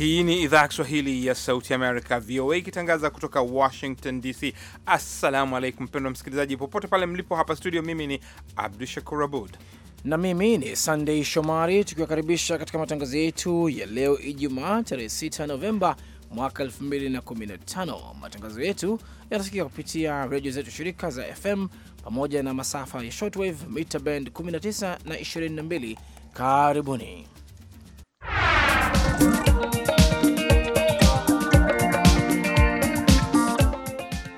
Hii ni idhaa ya Kiswahili ya Sauti Amerika, VOA, ikitangaza kutoka Washington DC. Assalamu alaikum mpendwa msikilizaji, popote pale mlipo. Hapa studio, mimi ni Abdu Shakur Abud na mimi ni Sandei Shomari, tukiwakaribisha katika matangazo yetu ya leo Ijumaa, tarehe 6 Novemba mwaka 2015. Matangazo yetu yanasikika kupitia redio zetu shirika za FM pamoja na masafa ya shortwave mita band 19 na 22. Karibuni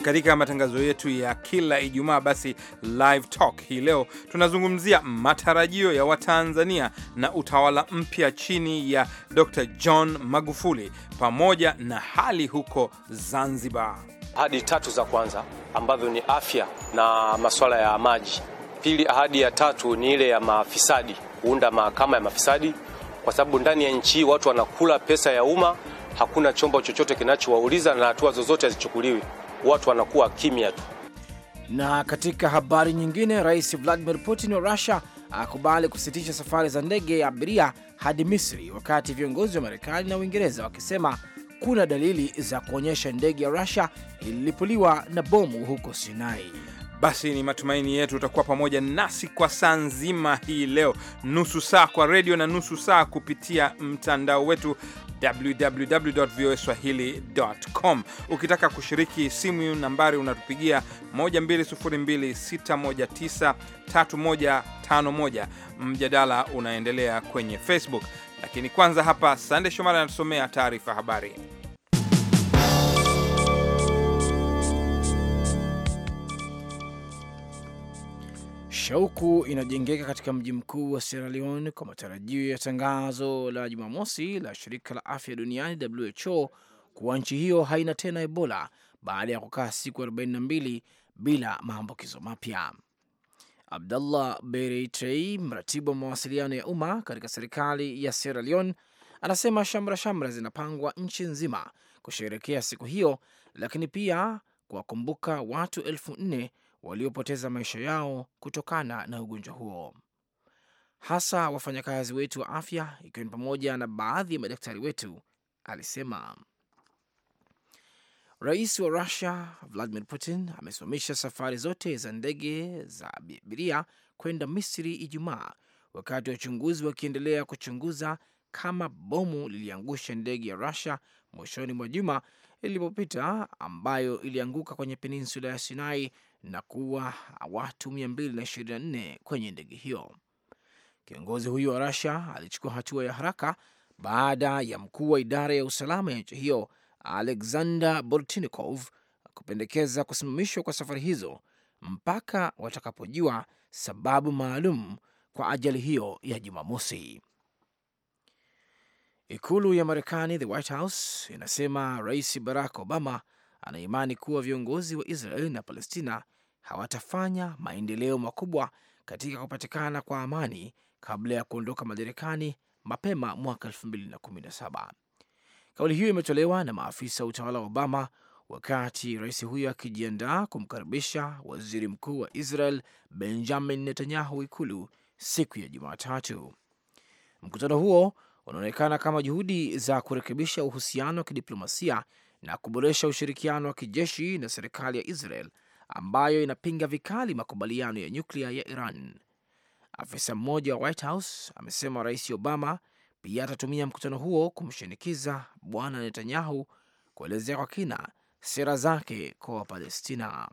katika matangazo yetu ya kila Ijumaa. Basi live talk hii leo tunazungumzia matarajio ya Watanzania na utawala mpya chini ya Dr. John Magufuli pamoja na hali huko Zanzibar. Ahadi tatu za kwanza ambazo ni afya na masuala ya maji. Pili, ahadi ya tatu ni ile ya mafisadi, kuunda mahakama ya mafisadi, kwa sababu ndani ya nchi watu wanakula pesa ya umma, hakuna chombo chochote kinachowauliza na hatua zozote hazichukuliwi watu wanakuwa kimya tu. Na katika habari nyingine, Rais Vladimir Putin wa Russia akubali kusitisha safari za ndege ya abiria hadi Misri, wakati viongozi wa Marekani na Uingereza wakisema kuna dalili za kuonyesha ndege ya rusia ililipuliwa na bomu huko Sinai. Basi ni matumaini yetu utakuwa pamoja nasi kwa saa nzima hii leo, nusu saa kwa redio na nusu saa kupitia mtandao wetu www.voaswahili.com. Ukitaka kushiriki, simu nambari unatupigia 12026193151. Mjadala unaendelea kwenye Facebook, lakini kwanza hapa Sande Shomari anatusomea taarifa habari. Shauku inajengeka katika mji mkuu wa Sierra Leone kwa matarajio ya tangazo la Jumamosi la shirika la afya duniani WHO kuwa nchi hiyo haina tena Ebola baada ya kukaa siku 42 bila maambukizo mapya. Abdallah Bereitei, mratibu wa mawasiliano ya umma katika serikali ya Sierra Leone, anasema shamra shamra zinapangwa nchi nzima kusherekea siku hiyo, lakini pia kuwakumbuka watu elfu nne waliopoteza maisha yao kutokana na ugonjwa huo, hasa wafanyakazi wetu wa afya, ikiwa ni pamoja na baadhi ya madaktari wetu, alisema. Rais wa Russia Vladimir Putin amesimamisha safari zote za ndege za abiria kwenda Misri Ijumaa, wakati wa uchunguzi wakiendelea kuchunguza kama bomu liliangusha ndege ya Rusia mwishoni mwa juma ilipopita ambayo ilianguka kwenye peninsula ya Sinai na kuwa watu 224 kwenye ndege hiyo. Kiongozi huyo wa Russia alichukua hatua ya haraka baada ya mkuu wa idara ya usalama ya nchi hiyo Alexander Bortnikov kupendekeza kusimamishwa kwa safari hizo mpaka watakapojua sababu maalum kwa ajali hiyo ya Jumamosi. Ikulu ya Marekani, the White House, inasema Rais Barack Obama anaimani kuwa viongozi wa Israel na Palestina hawatafanya maendeleo makubwa katika kupatikana kwa amani kabla ya kuondoka madarakani mapema mwaka 2017. Kauli hiyo imetolewa na maafisa wa utawala wa Obama wakati rais huyo akijiandaa kumkaribisha waziri mkuu wa Israel Benjamin Netanyahu ikulu siku ya Jumatatu. Mkutano huo unaonekana kama juhudi za kurekebisha uhusiano wa kidiplomasia na kuboresha ushirikiano wa kijeshi na serikali ya Israel ambayo inapinga vikali makubaliano ya nyuklia ya Iran. Afisa mmoja wa White House amesema Rais Obama pia atatumia mkutano huo kumshinikiza Bwana Netanyahu kuelezea kwa kina sera zake kwa Wapalestina.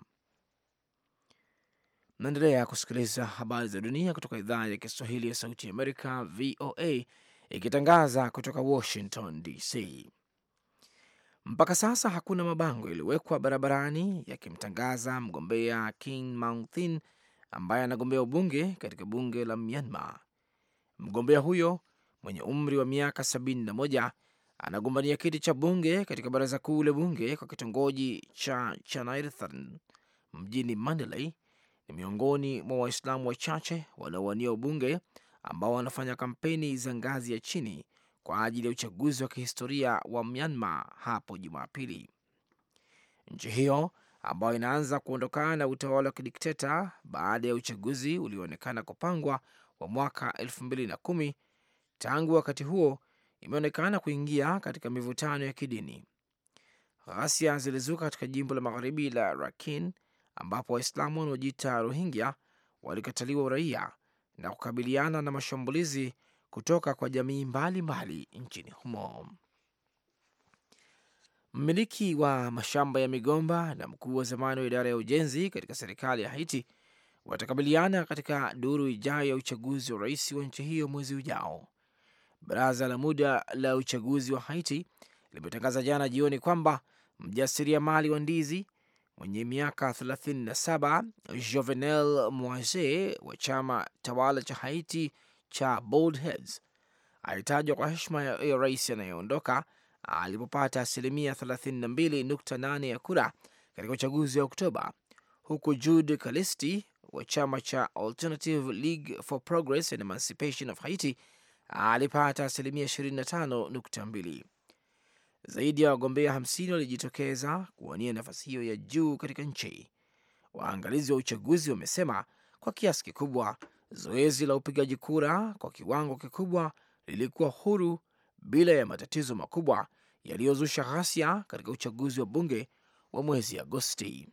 Naendelea kusikiliza habari za dunia kutoka idhaa ya Kiswahili ya Sauti ya Amerika, VOA, ikitangaza kutoka Washington DC. Mpaka sasa hakuna mabango yaliyowekwa barabarani yakimtangaza mgombea King Maung ambaye anagombea ubunge katika bunge la Myanmar. Mgombea huyo mwenye umri wa miaka 71 anagombania kiti cha bunge katika baraza kuu la bunge kwa kitongoji cha Chanairthan mjini Mandalay. Ni miongoni mwa Waislamu wachache wanaowania ubunge ambao wanafanya kampeni za ngazi ya chini kwa ajili ya uchaguzi wa kihistoria wa Myanmar hapo Jumapili. Nchi hiyo ambayo inaanza kuondokana na utawala wa kidikteta baada ya uchaguzi ulioonekana kupangwa wa mwaka 2010 tangu wakati huo imeonekana kuingia katika mivutano ya kidini. Ghasia zilizuka katika jimbo la magharibi la Rakhine ambapo Waislamu wanaojiita Rohingya walikataliwa uraia na kukabiliana na mashambulizi kutoka kwa jamii mbalimbali nchini humo. Mmiliki wa mashamba ya migomba na mkuu wa zamani wa idara ya ujenzi katika serikali ya Haiti watakabiliana katika duru ijayo ya uchaguzi wa rais wa nchi hiyo mwezi ujao. Baraza la muda la uchaguzi wa Haiti limetangaza jana jioni kwamba mjasiriamali wa ndizi mwenye miaka 37 Jovenel Moise wa chama tawala cha Haiti cha bold Heads alitajwa kwa heshima ya rais anayeondoka alipopata asilimia 32.8 ya kura katika uchaguzi wa Oktoba, huku Jude Kalisti wa chama cha Alternative League for Progress and Emancipation of Haiti alipata asilimia 25.2. Zaidi ya wagombea 50 walijitokeza kuwania nafasi hiyo ya juu katika nchi. Waangalizi wa uchaguzi wamesema kwa kiasi kikubwa zoezi la upigaji kura kwa kiwango kikubwa lilikuwa huru bila ya matatizo makubwa yaliyozusha ghasia katika uchaguzi wa bunge wa mwezi Agosti.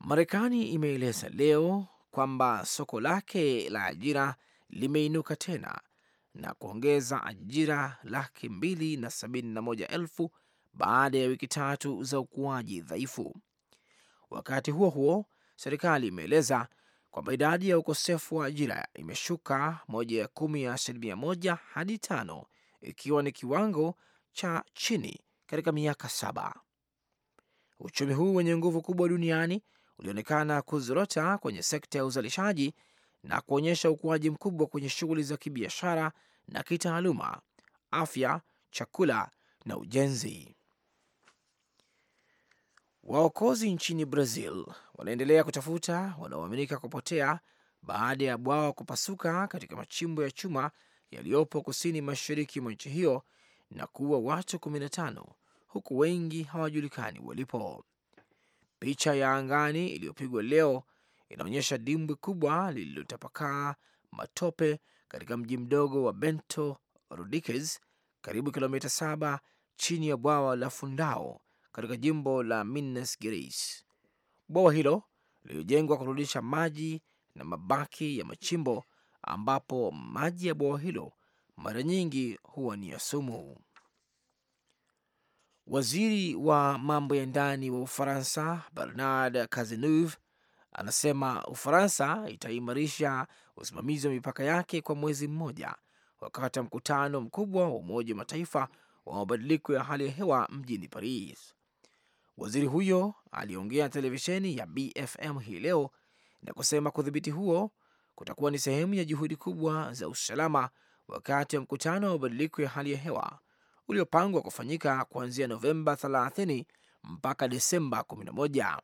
Marekani imeeleza leo kwamba soko lake la ajira limeinuka tena na kuongeza ajira laki mbili na sabini na moja elfu baada ya wiki tatu za ukuaji dhaifu. Wakati huo huo, serikali imeeleza kwamba idadi ya ukosefu wa ajira imeshuka moja ya kumi ya asilimia moja hadi tano ikiwa ni kiwango cha chini katika miaka saba. Uchumi huu wenye nguvu kubwa duniani ulionekana kuzorota kwenye sekta ya uzalishaji na kuonyesha ukuaji mkubwa kwenye shughuli za kibiashara na kitaaluma, afya, chakula na ujenzi. Waokozi nchini Brazil wanaendelea kutafuta wanaoaminika kupotea baada ya bwawa kupasuka katika machimbo ya chuma yaliyopo kusini mashariki mwa nchi hiyo na kuua watu 15 huku wengi hawajulikani walipo. Picha ya angani iliyopigwa leo inaonyesha dimbwi kubwa lililotapakaa matope katika mji mdogo wa Bento Rodrigues, karibu kilomita saba chini ya bwawa la Fundao katika jimbo la Minas Gerais. Bwawa hilo lililojengwa kurudisha maji na mabaki ya machimbo, ambapo maji ya bwawa hilo mara nyingi huwa ni ya sumu. Waziri wa mambo ya ndani wa Ufaransa Bernard Cazeneuve anasema Ufaransa itaimarisha usimamizi wa mipaka yake kwa mwezi mmoja wakati wa mkutano mkubwa wa Umoja wa Mataifa wa mabadiliko ya hali ya hewa mjini Paris. Waziri huyo aliongea na televisheni ya BFM hii leo na kusema kudhibiti huo kutakuwa ni sehemu ya juhudi kubwa za usalama wakati wa mkutano wa mabadiliko ya hali ya hewa uliopangwa kufanyika kuanzia Novemba 30 mpaka Desemba 11.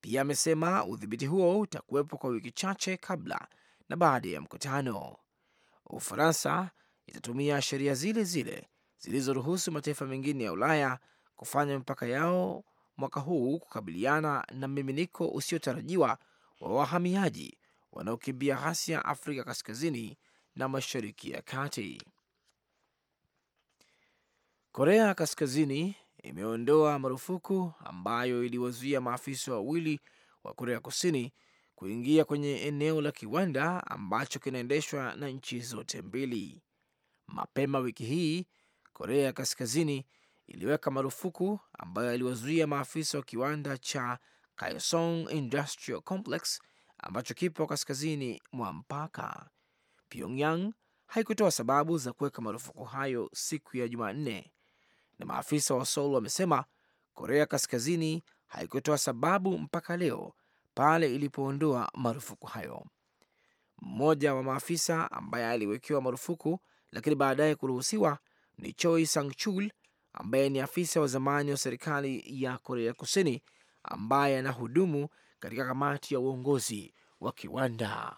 Pia amesema udhibiti huo utakuwepo kwa wiki chache kabla na baada ya mkutano. Ufaransa itatumia sheria zile zile zilizoruhusu mataifa mengine ya Ulaya kufanya mipaka yao mwaka huu kukabiliana na mmiminiko usiotarajiwa wa wahamiaji wanaokimbia ghasia Afrika Kaskazini na Mashariki ya Kati. Korea Kaskazini imeondoa marufuku ambayo iliwazuia maafisa wawili wa Korea Kusini kuingia kwenye eneo la kiwanda ambacho kinaendeshwa na nchi zote mbili. Mapema wiki hii Korea Kaskazini iliweka marufuku ambayo yaliwazuia maafisa wa kiwanda cha Kaesong Industrial Complex ambacho kipo kaskazini mwa mpaka. Pyongyang haikutoa sababu za kuweka marufuku hayo siku ya Jumanne, na maafisa wa Seoul wamesema Korea Kaskazini haikutoa sababu mpaka leo pale ilipoondoa marufuku hayo. Mmoja wa maafisa ambaye aliwekewa marufuku lakini baadaye kuruhusiwa ni Choi Sang-chul ambaye ni afisa wa zamani wa serikali ya Korea Kusini ambaye anahudumu katika kamati ya uongozi wa kiwanda.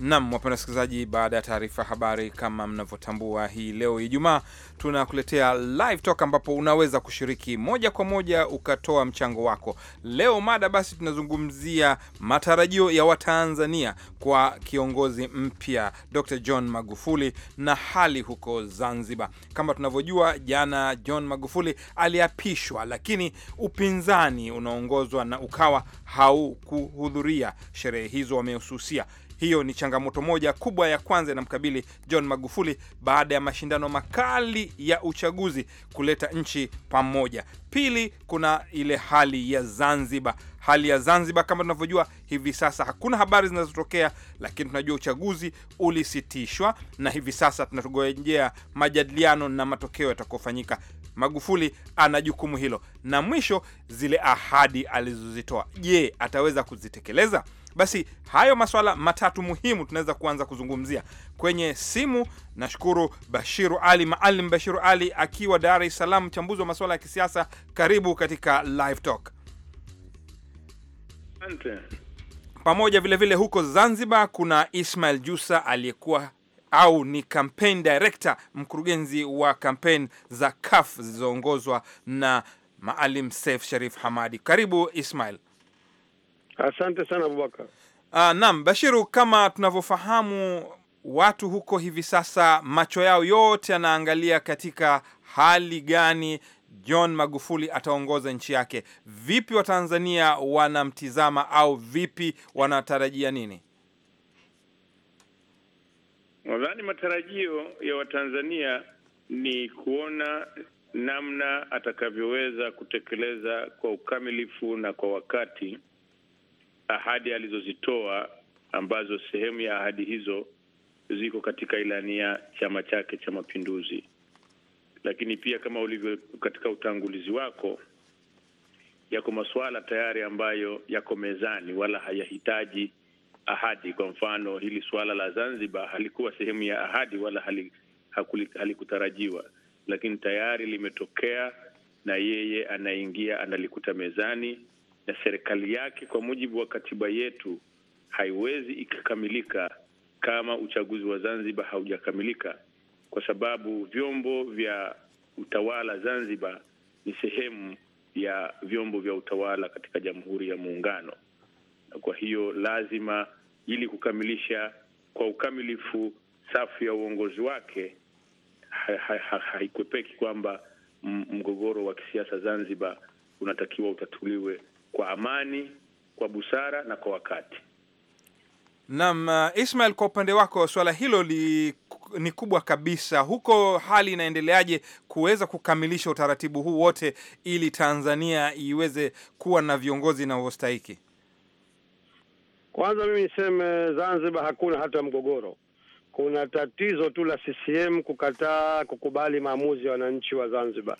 Nam, wapenda wasikilizaji, baada ya taarifa habari, kama mnavyotambua, hii leo Ijumaa tunakuletea live talk, ambapo unaweza kushiriki moja kwa moja ukatoa mchango wako. Leo mada basi tunazungumzia matarajio ya Watanzania kwa kiongozi mpya Dr. John Magufuli na hali huko Zanzibar. Kama tunavyojua, jana John Magufuli aliapishwa, lakini upinzani unaongozwa na Ukawa haukuhudhuria sherehe hizo, wamehususia hiyo ni changamoto moja kubwa ya kwanza inamkabili John Magufuli baada ya mashindano makali ya uchaguzi kuleta nchi pamoja. Pili, kuna ile hali ya Zanzibar. Hali ya Zanzibar kama tunavyojua hivi sasa hakuna habari zinazotokea, lakini tunajua uchaguzi ulisitishwa, na hivi sasa tunatugojea majadiliano na matokeo yatakayofanyika. Magufuli ana jukumu hilo. Na mwisho, zile ahadi alizozitoa, je, ataweza kuzitekeleza? Basi hayo maswala matatu muhimu tunaweza kuanza kuzungumzia kwenye simu. Nashukuru Bashiru Ali Maalim Bashiru Ali akiwa Dar es Salaam, mchambuzi wa maswala ya kisiasa. Karibu katika Live Talk. Asante. Pamoja vile vile huko Zanzibar kuna Ismail Jusa aliyekuwa au ni campaign director, mkurugenzi wa campaign za CUF zilizoongozwa na Maalim Seif Sharif Hamadi. Karibu Ismail. Asante sana Abubakar. Uh, naam, Bashiru, kama tunavyofahamu watu huko hivi sasa macho yao yote yanaangalia katika hali gani John Magufuli ataongoza nchi yake. Vipi Watanzania wanamtizama au vipi wanatarajia nini? Nadhani matarajio ya Watanzania ni kuona namna atakavyoweza kutekeleza kwa ukamilifu na kwa wakati ahadi alizozitoa ambazo sehemu ya ahadi hizo ziko katika ilani ya chama chake cha Mapinduzi. Lakini pia kama ulivyo katika utangulizi wako, yako masuala tayari ambayo yako mezani wala hayahitaji ahadi. Kwa mfano, hili suala la Zanzibar halikuwa sehemu ya ahadi wala halikutarajiwa, lakini tayari limetokea na yeye anaingia analikuta mezani na serikali yake kwa mujibu wa katiba yetu haiwezi ikakamilika kama uchaguzi wa Zanzibar haujakamilika, kwa sababu vyombo vya utawala Zanzibar ni sehemu ya vyombo vya utawala katika Jamhuri ya Muungano, na kwa hiyo lazima ili kukamilisha kwa ukamilifu safu ya uongozi wake, haikwepeki ha, ha, ha, kwamba mgogoro wa kisiasa Zanzibar unatakiwa utatuliwe kwa amani, kwa busara na kwa wakati. Naam, uh, Ismail, kwa upande wako swala hilo li, ni kubwa kabisa. Huko hali inaendeleaje kuweza kukamilisha utaratibu huu wote ili Tanzania iweze kuwa na viongozi inavyostahiki? Kwanza mimi niseme Zanzibar hakuna hata mgogoro. Kuna tatizo tu la CCM kukataa kukubali maamuzi ya wananchi wa Zanzibar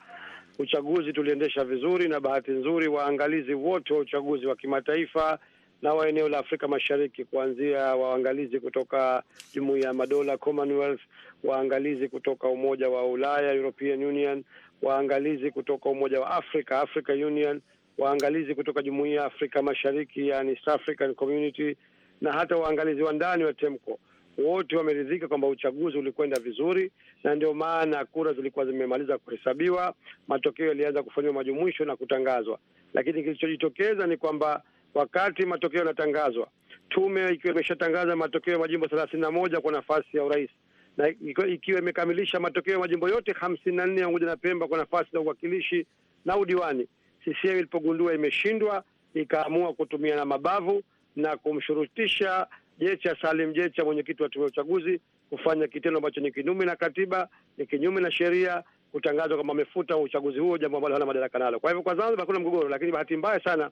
uchaguzi tuliendesha vizuri, na bahati nzuri waangalizi wote wa uchaguzi wa kimataifa na wa eneo la Afrika Mashariki, kuanzia waangalizi kutoka Jumuiya ya Madola, Commonwealth, waangalizi kutoka Umoja wa Ulaya, European Union, waangalizi kutoka Umoja wa Afrika, Africa Union, waangalizi kutoka Jumuiya ya Afrika Mashariki, yani East African Community, na hata waangalizi wa ndani wa TEMCO wote wameridhika kwamba uchaguzi ulikwenda vizuri, na ndio maana kura zilikuwa zimemaliza kuhesabiwa, matokeo yalianza kufanyiwa majumuisho na kutangazwa. Lakini kilichojitokeza ni kwamba wakati matokeo yanatangazwa, tume ikiwa imeshatangaza matokeo ya majimbo thelathini na moja kwa nafasi ya urais na ikiwa imekamilisha matokeo ya majimbo yote hamsini na nne pamoja na Pemba kwa nafasi za uwakilishi na udiwani, CCM ilipogundua imeshindwa, ikaamua kutumia na mabavu na kumshurutisha Jecha Salim Jecha, mwenyekiti wa tume ya uchaguzi, kufanya kitendo ambacho ni kinyume na katiba, ni kinyume na sheria, kutangazwa kwamba amefuta uchaguzi huo, jambo ambalo hana madaraka nalo. Kwa hivyo, kwa Zanzibar hakuna mgogoro, lakini bahati mbaya sana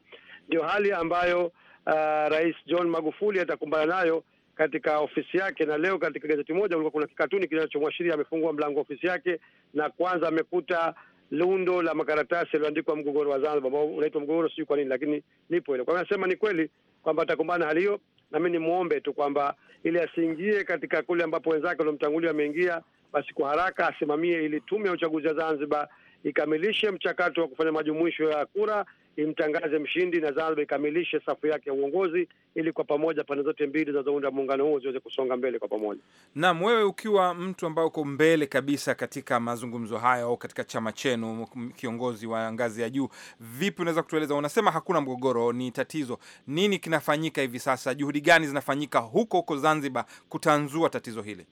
ndio hali ambayo uh, Rais John Magufuli atakumbana nayo katika ofisi yake. Na leo katika gazeti moja ulikuwa kuna kikatuni kinachomwashiria amefungua mlango ofisi yake, na kwanza amekuta lundo la makaratasi yaliyoandikwa mgogoro wa Zanzibar ambao unaitwa mgogoro, sijui kwa nini, lakini nipo ile. Kwa hiyo anasema ni kweli kwamba atakumbana hali hiyo nami nimwombe tu kwamba ili asiingie katika kule ambapo wenzake waliomtangulia wameingia, basi kwa haraka asimamie ili tume ya uchaguzi wa Zanzibar ikamilishe mchakato wa kufanya majumuisho ya kura imtangaze mshindi na Zanzibar ikamilishe safu yake ya uongozi ili kwa pamoja pande zote mbili zinazounda muungano huo ziweze kusonga mbele kwa pamoja. Naam, wewe ukiwa mtu ambaye uko mbele kabisa katika mazungumzo haya au katika chama chenu, kiongozi wa ngazi ya juu, vipi unaweza kutueleza? Unasema hakuna mgogoro, ni tatizo. Nini kinafanyika hivi sasa? Juhudi gani zinafanyika huko huko Zanzibar kutanzua tatizo hili?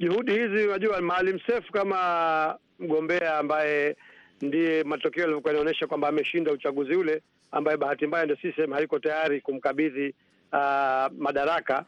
juhudi hizi, unajua Maalim sef kama mgombea ambaye ndiye matokeo yalivyokuwa yanaonyesha kwamba ameshinda uchaguzi ule, ambaye bahati mbaya ndio CCM haiko tayari kumkabidhi uh, madaraka,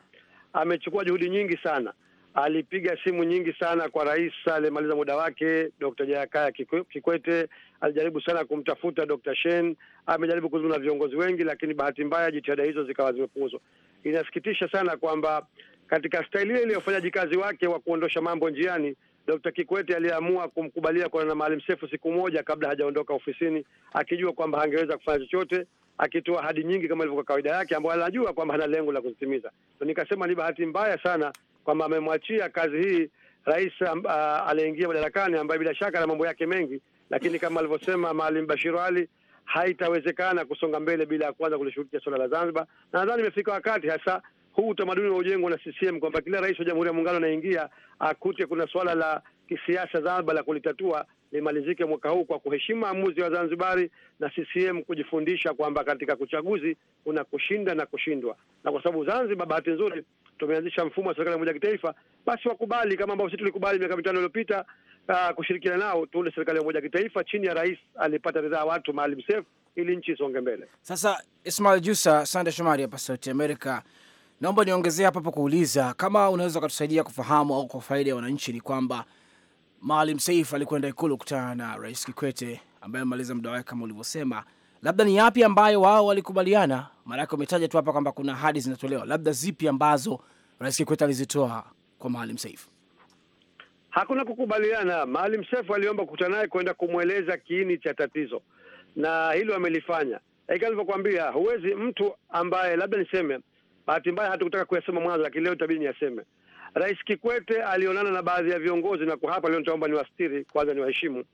amechukua juhudi nyingi sana alipiga simu nyingi sana kwa rais aliyemaliza muda wake Dr. jayakaya Kikwete. Alijaribu sana kumtafuta Dr. shen amejaribu kuzungumza na viongozi wengi, lakini bahati mbaya jitihada hizo zikawa zimepuuzwa. Inasikitisha sana kwamba katika staili ile ile ya ufanyaji kazi wake wa kuondosha mambo njiani, Dr. Kikwete aliamua kumkubalia kuonana na Maalim sefu siku moja kabla hajaondoka ofisini, akijua kwamba hangeweza kufanya chochote, akitoa hadi nyingi kama ilivyokuwa kawaida yake, ambayo anajua kwamba hana lengo la kuzitimiza. So, nikasema ni bahati mbaya sana kwamba amemwachia kazi hii rais uh, aliyeingia madarakani ambaye bila shaka na mambo yake mengi, lakini kama alivyosema Maalim bashiru Ali haitawezekana kusonga mbele bila ya kwanza kulishughulikia suala la Zanzibar, na nadhani imefika wakati hasa huu utamaduni unaojengwa na CCM kwamba kila rais wa Jamhuri ya Muungano anaingia akute kuna swala la kisiasa zaba la kulitatua limalizike mwaka huu kwa kuheshimu maamuzi wa Zanzibari na CCM kujifundisha kwamba katika uchaguzi kuna kushinda na kushindwa, na kwa sababu Zanzibar bahati nzuri tumeanzisha mfumo wa serikali ya umoja kitaifa, basi wakubali kama ambavyo sisi tulikubali miaka mitano iliyopita uh, kushirikiana nao tuunde serikali ya umoja kitaifa chini ya rais alipata ridhaa watu Maalim Seif ili nchi isonge mbele. Sasa Ismail Jusa, Sande Shomari hapa Sauti Amerika. Naomba niongezee hapa hapo kuuliza kama unaweza ukatusaidia kufahamu au kwa faida ya wananchi, ni kwamba Maalim Seif alikwenda Ikulu kutana na Rais Kikwete ambaye amemaliza muda wake kama ulivyosema. Labda ni yapi ambayo wao walikubaliana? Maanake umetaja tu hapa kwamba kuna ahadi zinatolewa, labda zipi ambazo Rais Kikwete alizitoa kwa Maalim Seif? Hakuna kukubaliana. Maalim Seif aliomba kukutana naye kwenda kumweleza kiini cha tatizo, na hilo amelifanya. Haikaa nilivyokuambia, huwezi mtu ambaye labda niseme Bahati mbaya hatukutaka kuyasema mwanzo, lakini leo itabidi niyaseme. Rais Kikwete alionana na baadhi ya viongozi, na kwa hapa leo nitaomba niwastiri kwanza, niwaheshimu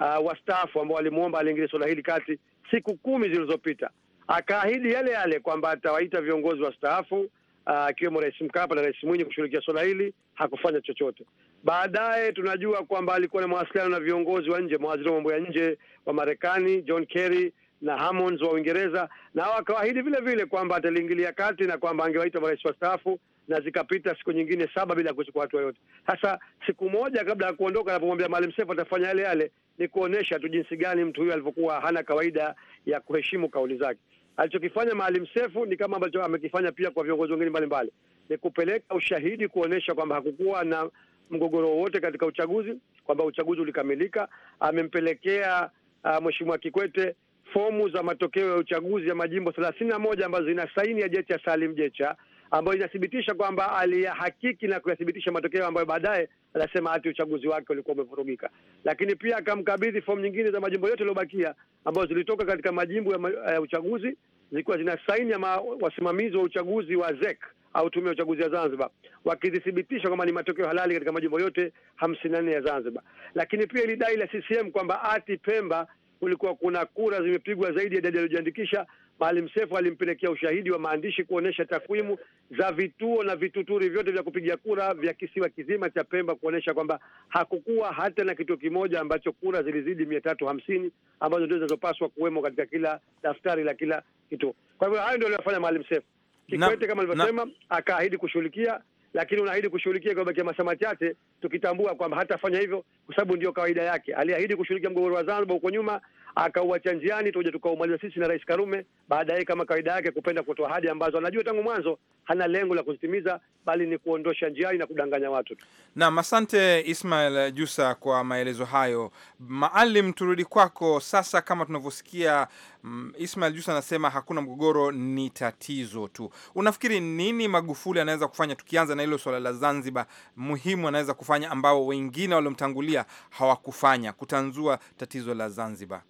uh, wastaafu ambao alimuomba aliingilia suala hili kati siku kumi zilizopita. Akaahidi yale yale kwamba atawaita viongozi wastaafu uh, akiwemo uh, Rais Mkapa na Rais Mwinyi kushughulikia suala hili. Hakufanya chochote. Baadaye tunajua kwamba alikuwa na mawasiliano na viongozi wa nje, mawaziri wa mambo ya nje wa Marekani John Kerry na Hammonds wa Uingereza, na wakawaahidi vile vile kwamba ataliingilia kati na kwamba angewaita marais wastaafu, na zikapita siku nyingine saba bila kuchukua hatua yoyote. Sasa siku moja kabla ya kuondoka, anapomwambia Maalim Seif atafanya yale yale, ni kuonesha tu jinsi gani mtu huyo alivyokuwa hana kawaida ya kuheshimu kauli zake. Alichokifanya Maalim Seif ni kama ambacho amekifanya pia kwa viongozi wengine mbalimbali, ni kupeleka ushahidi kuonesha kwamba hakukuwa na mgogoro wowote katika uchaguzi, kwamba uchaguzi ulikamilika. Amempelekea uh, Mheshimiwa Kikwete fomu za matokeo ya uchaguzi ya majimbo thelathini na moja ambazo ina saini ya Jecha Salim Jecha ambayo inathibitisha kwamba aliyahakiki na kuyathibitisha matokeo ambayo baadaye anasema hati uchaguzi wake ulikuwa umevurugika. Lakini pia akamkabidhi fomu nyingine za majimbo yote yaliyobakia ambayo zilitoka katika majimbo ya, ma, ya uchaguzi zilikuwa zina saini ya wasimamizi wa uchaguzi wa ZEC au tume ya uchaguzi ya Zanzibar, wakizithibitisha kwamba ni matokeo halali katika majimbo yote hamsini na nne ya Zanzibar. Lakini pia ilidai la CCM kwamba hati Pemba kulikuwa kuna kura zimepigwa zaidi ya idadi aliyojiandikisha. Maalim Sefu alimpelekea ushahidi wa maandishi kuonesha takwimu za vituo na vituturi vyote vya kupiga kura vya kisiwa kizima cha Pemba, kuonesha kwamba hakukuwa hata na kituo kimoja ambacho kura zilizidi mia tatu hamsini ambazo ndio zinazopaswa kuwemo katika kila daftari la kila kituo. Kwa hivyo hayo ndio aliyofanya Maalim Sefu. Kikwete kama alivyosema, akaahidi kushughulikia lakini unaahidi kushughulikia kwa bakia masaa machache, tukitambua kwamba hatafanya hivyo kwa sababu ndio kawaida yake. Aliahidi kushughulikia mgogoro wa Zanzibar huko nyuma, akauacha njiani, tuja tukaumaliza sisi na Rais Karume. Baadaye kama kawaida yake kupenda kutoa ahadi ambazo anajua tangu mwanzo hana lengo la kuzitimiza, bali ni kuondosha njiani na kudanganya watu tu. Naam, asante Ismail Jusa kwa maelezo hayo. Maalim, turudi kwako sasa, kama tunavyosikia Mm, Ismail Jusa anasema hakuna mgogoro, ni tatizo tu. Unafikiri nini Magufuli anaweza kufanya, tukianza na hilo swala la Zanzibar, muhimu anaweza kufanya ambao wengine waliomtangulia hawakufanya, kutanzua tatizo la Zanzibar?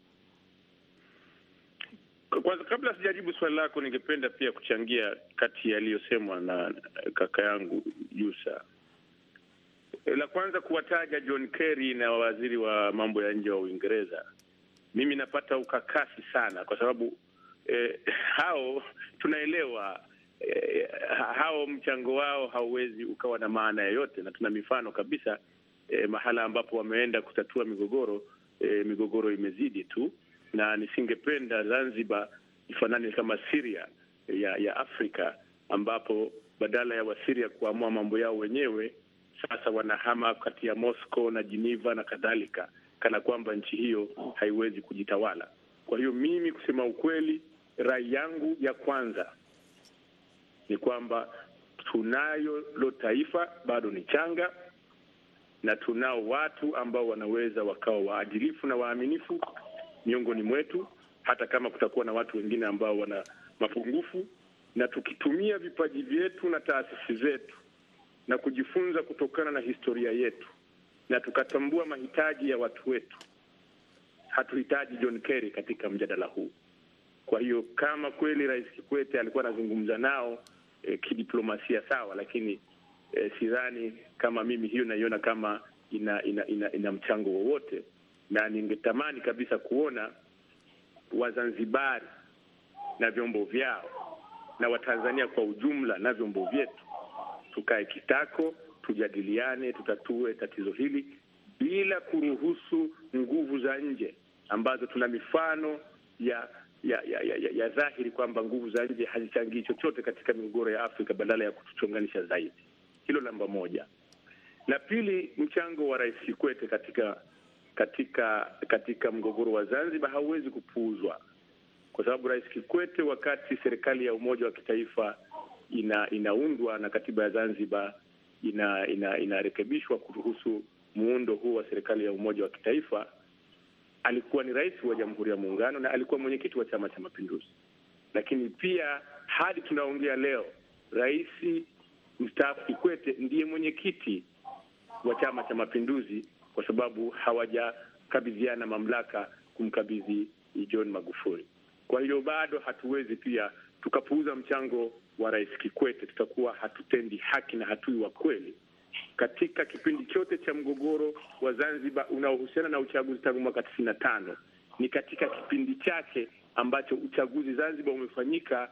Kwanza, kabla sijajibu swali lako, ningependa pia kuchangia kati yaliyosemwa na kaka yangu Jusa. La kwanza kuwataja John Kerry na waziri wa mambo ya nje wa Uingereza mimi napata ukakasi sana, kwa sababu eh, hao tunaelewa eh, hao mchango wao hauwezi ukawa na maana yoyote, na tuna mifano kabisa eh, mahala ambapo wameenda kutatua migogoro eh, migogoro imezidi tu, na nisingependa Zanzibar ifanane kama Syria eh, ya ya Afrika ambapo badala ya Wasiria kuamua mambo yao wenyewe sasa wanahama kati ya Moscow na Geneva na kadhalika kana kwamba nchi hiyo haiwezi kujitawala. Kwa hiyo mimi, kusema ukweli, rai yangu ya kwanza ni kwamba tunayo lo taifa bado ni changa na tunao watu ambao wanaweza wakawa waadilifu na waaminifu miongoni mwetu, hata kama kutakuwa na watu wengine ambao wana mapungufu, na tukitumia vipaji vyetu na taasisi zetu na kujifunza kutokana na historia yetu na tukatambua mahitaji ya watu wetu. Hatuhitaji John Kerry katika mjadala huu. Kwa hiyo kama kweli Rais Kikwete alikuwa anazungumza nao e, kidiplomasia sawa, lakini e, sidhani kama mimi hiyo naiona kama ina ina, ina, ina mchango wowote, na ningetamani kabisa kuona Wazanzibari na vyombo vyao na Watanzania kwa ujumla na vyombo vyetu tukae kitako tujadiliane, tutatue tatizo hili bila kuruhusu nguvu za nje ambazo tuna mifano ya ya ya, ya, ya dhahiri kwamba nguvu za nje hazichangii chochote katika migogoro ya Afrika, badala ya kutuchonganisha zaidi. Hilo namba moja. Na pili, mchango wa Rais Kikwete katika katika katika mgogoro wa Zanzibar hauwezi kupuuzwa, kwa sababu Rais Kikwete, wakati serikali ya umoja wa kitaifa ina, inaundwa na katiba ya Zanzibar ina, ina, inarekebishwa kuruhusu muundo huu wa serikali ya umoja wa kitaifa. Alikuwa ni rais wa Jamhuri ya Muungano na alikuwa mwenyekiti wa Chama cha Mapinduzi, lakini pia hadi tunaongea leo, rais mstaafu Kikwete ndiye mwenyekiti wa Chama cha Mapinduzi kwa sababu hawajakabidhiana mamlaka kumkabidhi John Magufuli. Kwa hiyo bado hatuwezi pia tukapuuza mchango wa Rais Kikwete, tutakuwa hatutendi haki na hatui wa kweli katika kipindi chote cha mgogoro wa Zanzibar unaohusiana na uchaguzi tangu mwaka tisini na tano. Ni katika kipindi chake ambacho uchaguzi Zanzibar umefanyika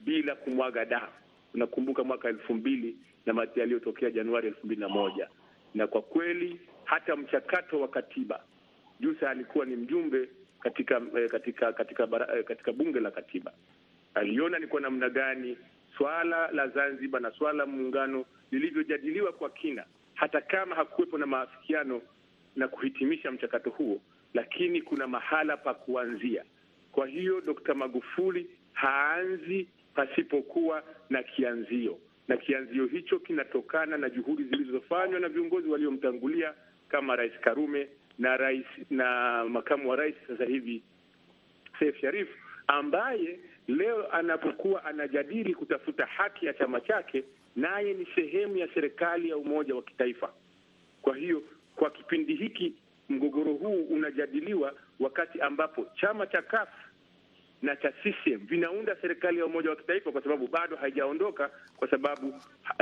bila kumwaga damu. Unakumbuka mwaka elfu mbili na yaliyotokea Januari elfu mbili na moja na kwa kweli hata mchakato wa katiba, Jusa alikuwa ni mjumbe katika eh, katika katika katika, eh, katika bunge la katiba, aliona ni kwa namna gani swala la Zanzibar na swala la muungano lilivyojadiliwa kwa kina, hata kama hakuwepo na maafikiano na kuhitimisha mchakato huo, lakini kuna mahala pa kuanzia. Kwa hiyo Dkt. Magufuli haanzi pasipokuwa na kianzio, na kianzio hicho kinatokana na juhudi zilizofanywa na viongozi waliomtangulia kama Rais Karume na rais na makamu wa rais sasa hivi Seif Sharif ambaye leo anapokuwa anajadili kutafuta haki ya chama chake, naye ni sehemu ya serikali ya umoja wa kitaifa. Kwa hiyo kwa kipindi hiki mgogoro huu unajadiliwa wakati ambapo chama cha CUF na cha CCM vinaunda serikali ya umoja wa kitaifa, kwa sababu bado haijaondoka, kwa sababu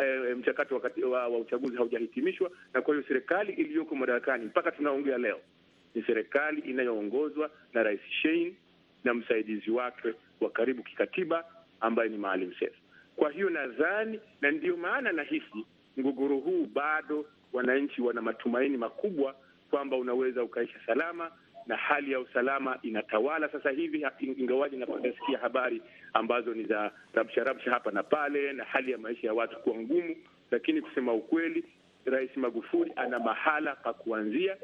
e, mchakato wakati wa, wa uchaguzi haujahitimishwa. Na kwa hiyo serikali iliyoko madarakani mpaka tunaongea leo ni serikali inayoongozwa na Rais Shein na msaidizi wake wa karibu kikatiba ambaye ni Maalim Seif. Kwa hiyo nadhani, na ndiyo maana nahisi mgogoro huu bado wananchi wana matumaini makubwa kwamba unaweza ukaisha salama na hali ya usalama inatawala sasa hivi, ingawaji napotasikia habari ambazo ni za rabsha rabsha hapa na pale na hali ya maisha ya watu kuwa ngumu, lakini kusema ukweli, Rais Magufuli ana mahala pa kuanzia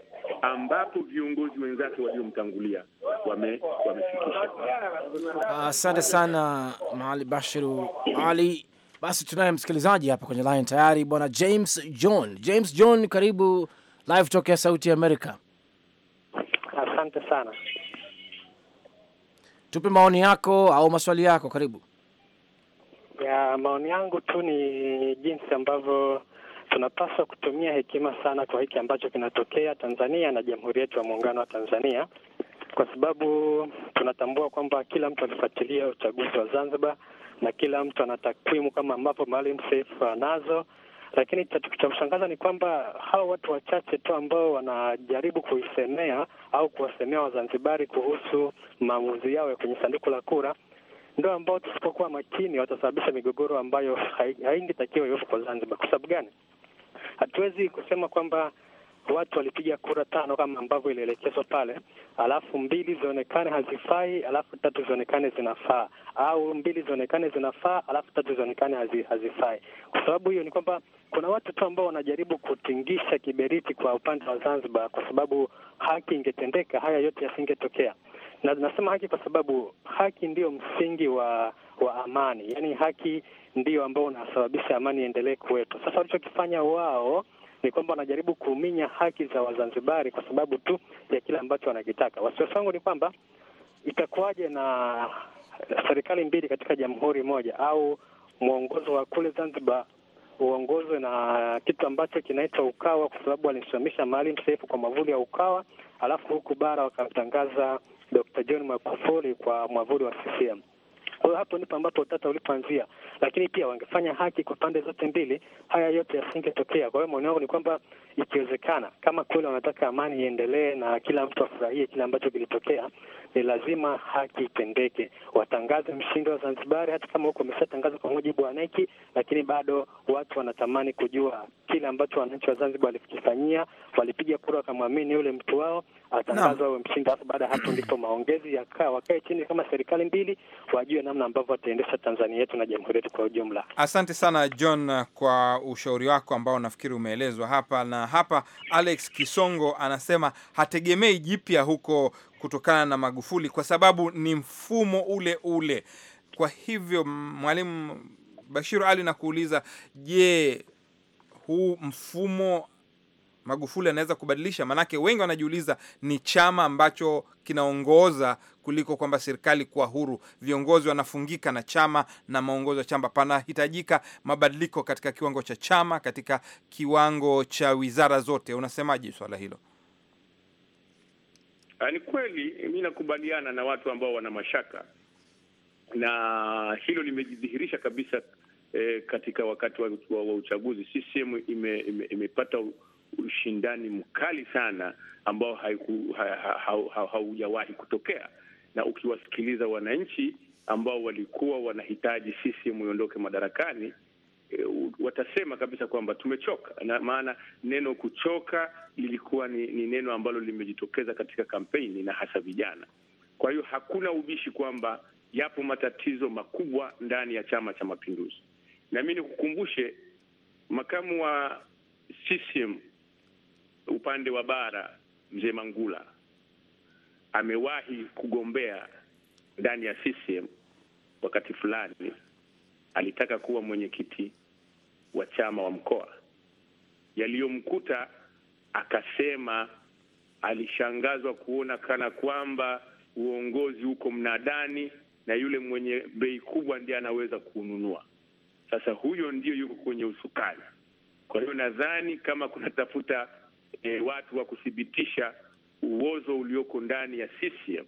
ambapo viongozi wenzake waliomtangulia wamefikisha. Wame asante uh, sana Maali Bashiru Ali. Basi tunaye msikilizaji hapa kwenye line tayari, bwana James John. James John, karibu live talk ya Sauti ya Amerika. Asante sana, tupe maoni yako au maswali yako, karibu. Ya maoni yangu tu ni jinsi ambavyo tunapaswa kutumia hekima sana kwa hiki ambacho kinatokea Tanzania na Jamhuri yetu ya Muungano wa Tanzania, kwa sababu tunatambua kwamba kila mtu alifuatilia uchaguzi wa Zanzibar na kila mtu ana takwimu kama ambavyo Maalim Seif anazo, lakini cha kushangaza ni kwamba hawa watu wachache tu ambao wanajaribu kuisemea au kuwasemea Wazanzibari kuhusu maamuzi yao ya kwenye sanduku la kura ndio ambao tusipokuwa makini watasababisha migogoro ambayo haingitakiwa iwepo kwa Zanzibar. Kwa sababu gani? hatuwezi kusema kwamba watu walipiga kura tano kama ambavyo ilielekezwa pale, alafu mbili zionekane hazifai, alafu tatu zionekane zinafaa, au mbili zionekane zinafaa, alafu tatu zionekane hazi, hazifai. Kwa sababu hiyo ni kwamba kuna watu tu ambao wanajaribu kutingisha kiberiti kwa upande wa Zanzibar, kwa sababu haki ingetendeka, haya yote yasingetokea. Na nasema haki kwa sababu haki ndiyo msingi wa wa amani, yaani haki ndio ambao unasababisha amani iendelee kuwepo. Sasa walichokifanya wao ni kwamba wanajaribu kuminya haki za Wazanzibari kwa sababu tu ya kile ambacho wanakitaka. Wasiwasi wangu ni kwamba itakuwaje na serikali mbili katika jamhuri moja, au mwongozo wa kule Zanzibar uongozwe na kitu ambacho kinaitwa Ukawa, kwa sababu walimsimamisha Maalim Seif kwa mwavuli ya Ukawa, alafu huku bara wakamtangaza Dr. John Magufuli kwa mwavuli wa CCM. Kwa hiyo hapo ndipo ambapo utata ulipoanzia, lakini pia wangefanya haki kwa pande zote mbili, haya yote yasingetokea. Kwa hiyo maoni yangu ni kwamba ikiwezekana, kama kweli wanataka amani iendelee na kila mtu afurahie kile ambacho kilitokea, ni lazima haki itendeke. Watangaze mshindi wa Zanzibari, hata kama huko wameshatangaza kwa mujibu wa neki, lakini bado watu wanatamani kujua kile ambacho wananchi wa Zanzibar walikifanyia. Walipiga kura wakamwamini yule mtu wao, atangazwa awe mshindi. Baada ya hapo ndipo maongezi yakaa, wakae chini kama serikali mbili, wajue namna ambavyo ataendesha Tanzania yetu na jamhuri yetu kwa ujumla. Asante sana John kwa ushauri wako ambao nafikiri umeelezwa hapa. Na hapa Alex Kisongo anasema hategemei jipya huko kutokana na Magufuli kwa sababu ni mfumo ule ule. Kwa hivyo Mwalimu Bashiru Ali, nakuuliza, je, huu mfumo Magufuli anaweza kubadilisha? Maanake wengi wanajiuliza ni chama ambacho kinaongoza kuliko kwamba serikali kuwa huru. Viongozi wanafungika na chama na maongozo ya chama. Panahitajika mabadiliko katika kiwango cha chama, katika kiwango cha wizara zote. Unasemaje swala hilo? Ah, ni kweli, mi nakubaliana na watu ambao wana mashaka na hilo limejidhihirisha kabisa eh, katika wakati wa, wa uchaguzi CCM ime, ime, ushindani mkali sana ambao haujawahi kutokea, na ukiwasikiliza wananchi ambao walikuwa wanahitaji CCM iondoke madarakani e, watasema kabisa kwamba tumechoka, na maana neno kuchoka lilikuwa ni, ni neno ambalo limejitokeza katika kampeni na hasa vijana. Kwa hiyo hakuna ubishi kwamba yapo matatizo makubwa ndani ya Chama cha Mapinduzi, na mi nikukumbushe makamu wa CCM upande wa bara, mzee Mangula amewahi kugombea ndani ya CCM wakati fulani, alitaka kuwa mwenyekiti wa chama wa mkoa. Yaliyomkuta akasema alishangazwa kuona kana kwamba uongozi uko mnadani na yule mwenye bei kubwa ndiye anaweza kununua. Sasa huyo ndiyo yuko kwenye usukani. Kwa hiyo nadhani kama kunatafuta e, watu wa kuthibitisha uozo ulioko ndani ya CCM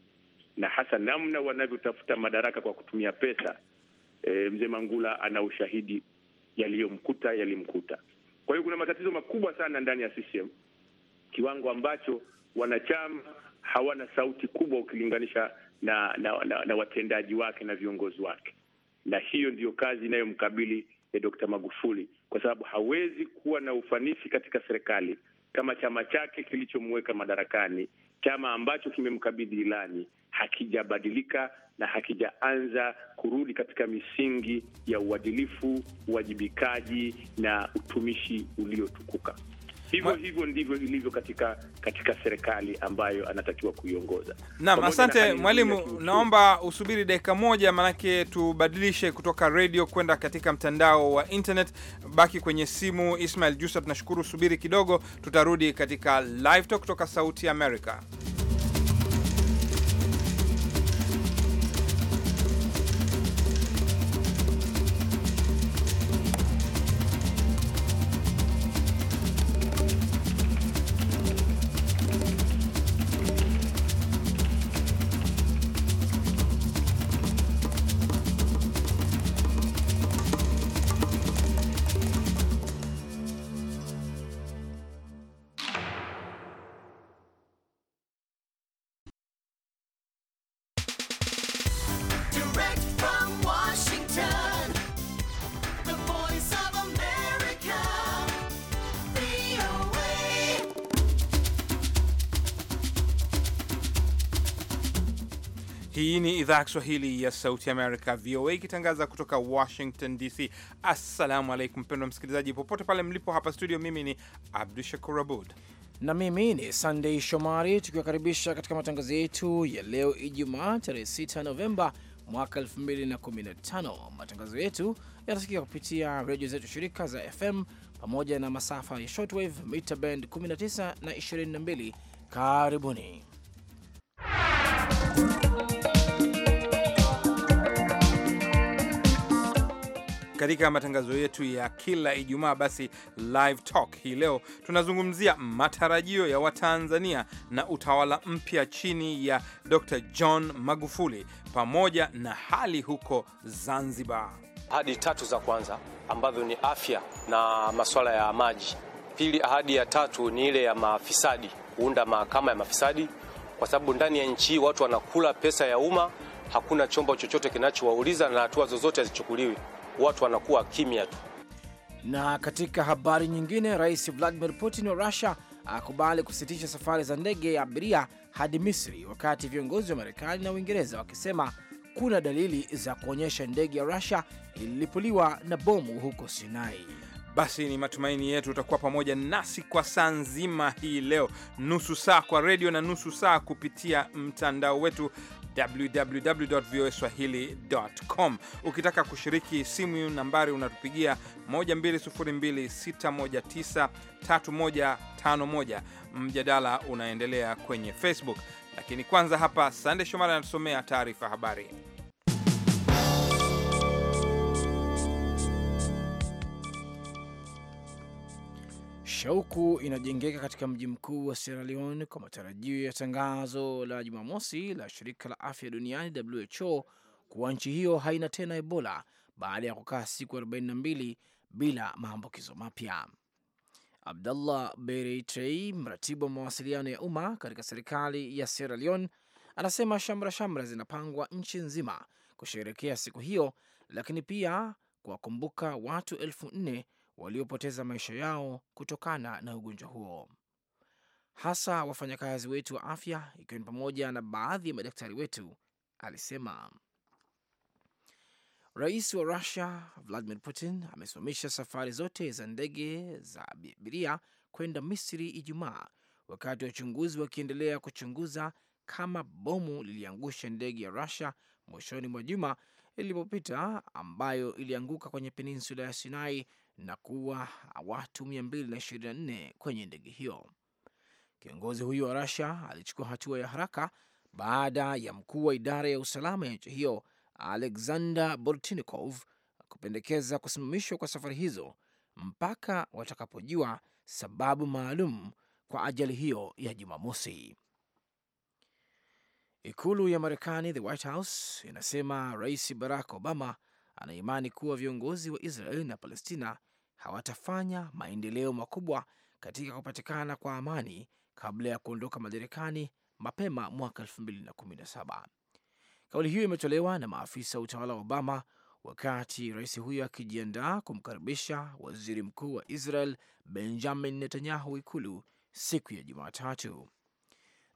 na hasa namna wanavyotafuta madaraka kwa kutumia pesa. E, mzee Mangula ana ushahidi, yaliyomkuta yalimkuta. Kwa hiyo kuna matatizo makubwa sana ndani ya CCM kiwango ambacho wanachama hawana sauti kubwa ukilinganisha na na, na, na watendaji wake na viongozi wake, na hiyo ndiyo kazi inayomkabili ya Dkt. Magufuli, kwa sababu hawezi kuwa na ufanisi katika serikali kama chama chake kilichomweka madarakani, chama ambacho kimemkabidhi ilani hakijabadilika na hakijaanza kurudi katika misingi ya uadilifu, uwajibikaji na utumishi uliotukuka hivyo hivyo ndivyo ilivyo katika katika serikali ambayo anatakiwa kuiongoza. Naam, asante mwalimu, naomba usubiri dakika moja, maanake tubadilishe kutoka radio kwenda katika mtandao wa internet. Baki kwenye simu, Ismail Jusa, tunashukuru. Subiri kidogo, tutarudi katika live talk kutoka Sauti America. Hii ni idhaa ya Kiswahili ya Sauti Amerika, VOA, ikitangaza kutoka Washington DC. Assalamu alaikum, mpendwa msikilizaji, popote pale mlipo. Hapa studio, mimi ni Abdu Shakur Abud na mimi ni Sandei Shomari, tukiwakaribisha katika matangazo yetu ya leo Ijumaa, tarehe 6 Novemba mwaka 2015. Matangazo yetu yatasikika kupitia redio zetu shirika za FM pamoja na masafa ya shortwave mita band 19 na 22. Karibuni. Katika matangazo yetu ya kila Ijumaa basi live talk hii leo tunazungumzia matarajio ya Watanzania na utawala mpya chini ya Dr. John Magufuli pamoja na hali huko Zanzibar. Ahadi tatu za kwanza ambazo ni afya na masuala ya maji. Pili, ahadi ya tatu ni ile ya mafisadi, kuunda mahakama ya mafisadi kwa sababu ndani ya nchi hii watu wanakula pesa ya umma, hakuna chombo chochote kinachowauliza na hatua zozote hazichukuliwi, watu wanakuwa kimya tu. Na katika habari nyingine, Rais Vladimir Putin wa Russia akubali kusitisha safari za ndege ya abiria hadi Misri, wakati viongozi wa Marekani na Uingereza wakisema kuna dalili za kuonyesha ndege ya Russia ililipuliwa na bomu huko Sinai. Basi ni matumaini yetu utakuwa pamoja nasi kwa saa nzima hii leo, nusu saa kwa redio na nusu saa kupitia mtandao wetu www.voaswahili.com. Ukitaka kushiriki, simu nambari unatupigia 12026193151. Mjadala unaendelea kwenye Facebook, lakini kwanza hapa Sande Shomari anatusomea taarifa habari. Shauku inajengeka katika mji mkuu wa Sierra Leone kwa matarajio ya tangazo la Jumamosi la shirika la afya duniani WHO kuwa nchi hiyo haina tena Ebola baada ya kukaa siku 42 bila maambukizo mapya. Abdallah Bereitei, mratibu wa mawasiliano ya umma katika serikali ya Sierra Leone, anasema shamra shamra zinapangwa nchi nzima kusherekea siku hiyo, lakini pia kuwakumbuka watu elfu nne waliopoteza maisha yao kutokana na ugonjwa huo, hasa wafanyakazi wetu wa afya, ikiwa ni pamoja na baadhi ya madaktari wetu, alisema. Rais wa Rusia Vladimir Putin amesimamisha safari zote za ndege za abiria kwenda Misri Ijumaa, wakati wachunguzi wakiendelea kuchunguza kama bomu liliangusha ndege ya Rusia mwishoni mwa juma ilipopita ambayo ilianguka kwenye peninsula ya Sinai na kuwa watu 224 kwenye ndege hiyo. Kiongozi huyo wa Russia alichukua hatua ya haraka baada ya mkuu wa idara ya usalama ya nchi hiyo Alexander Bortnikov kupendekeza kusimamishwa kwa safari hizo mpaka watakapojua sababu maalum kwa ajali hiyo ya Jumamosi. Ikulu ya Marekani, the White House, inasema Rais Barack Obama anaimani kuwa viongozi wa Israel na Palestina hawatafanya maendeleo makubwa katika kupatikana kwa amani kabla ya kuondoka madarakani mapema mwaka 2017. Kauli hiyo imetolewa na maafisa wa utawala wa Obama wakati rais huyo akijiandaa kumkaribisha waziri mkuu wa Israel Benjamin Netanyahu ikulu siku ya Jumatatu.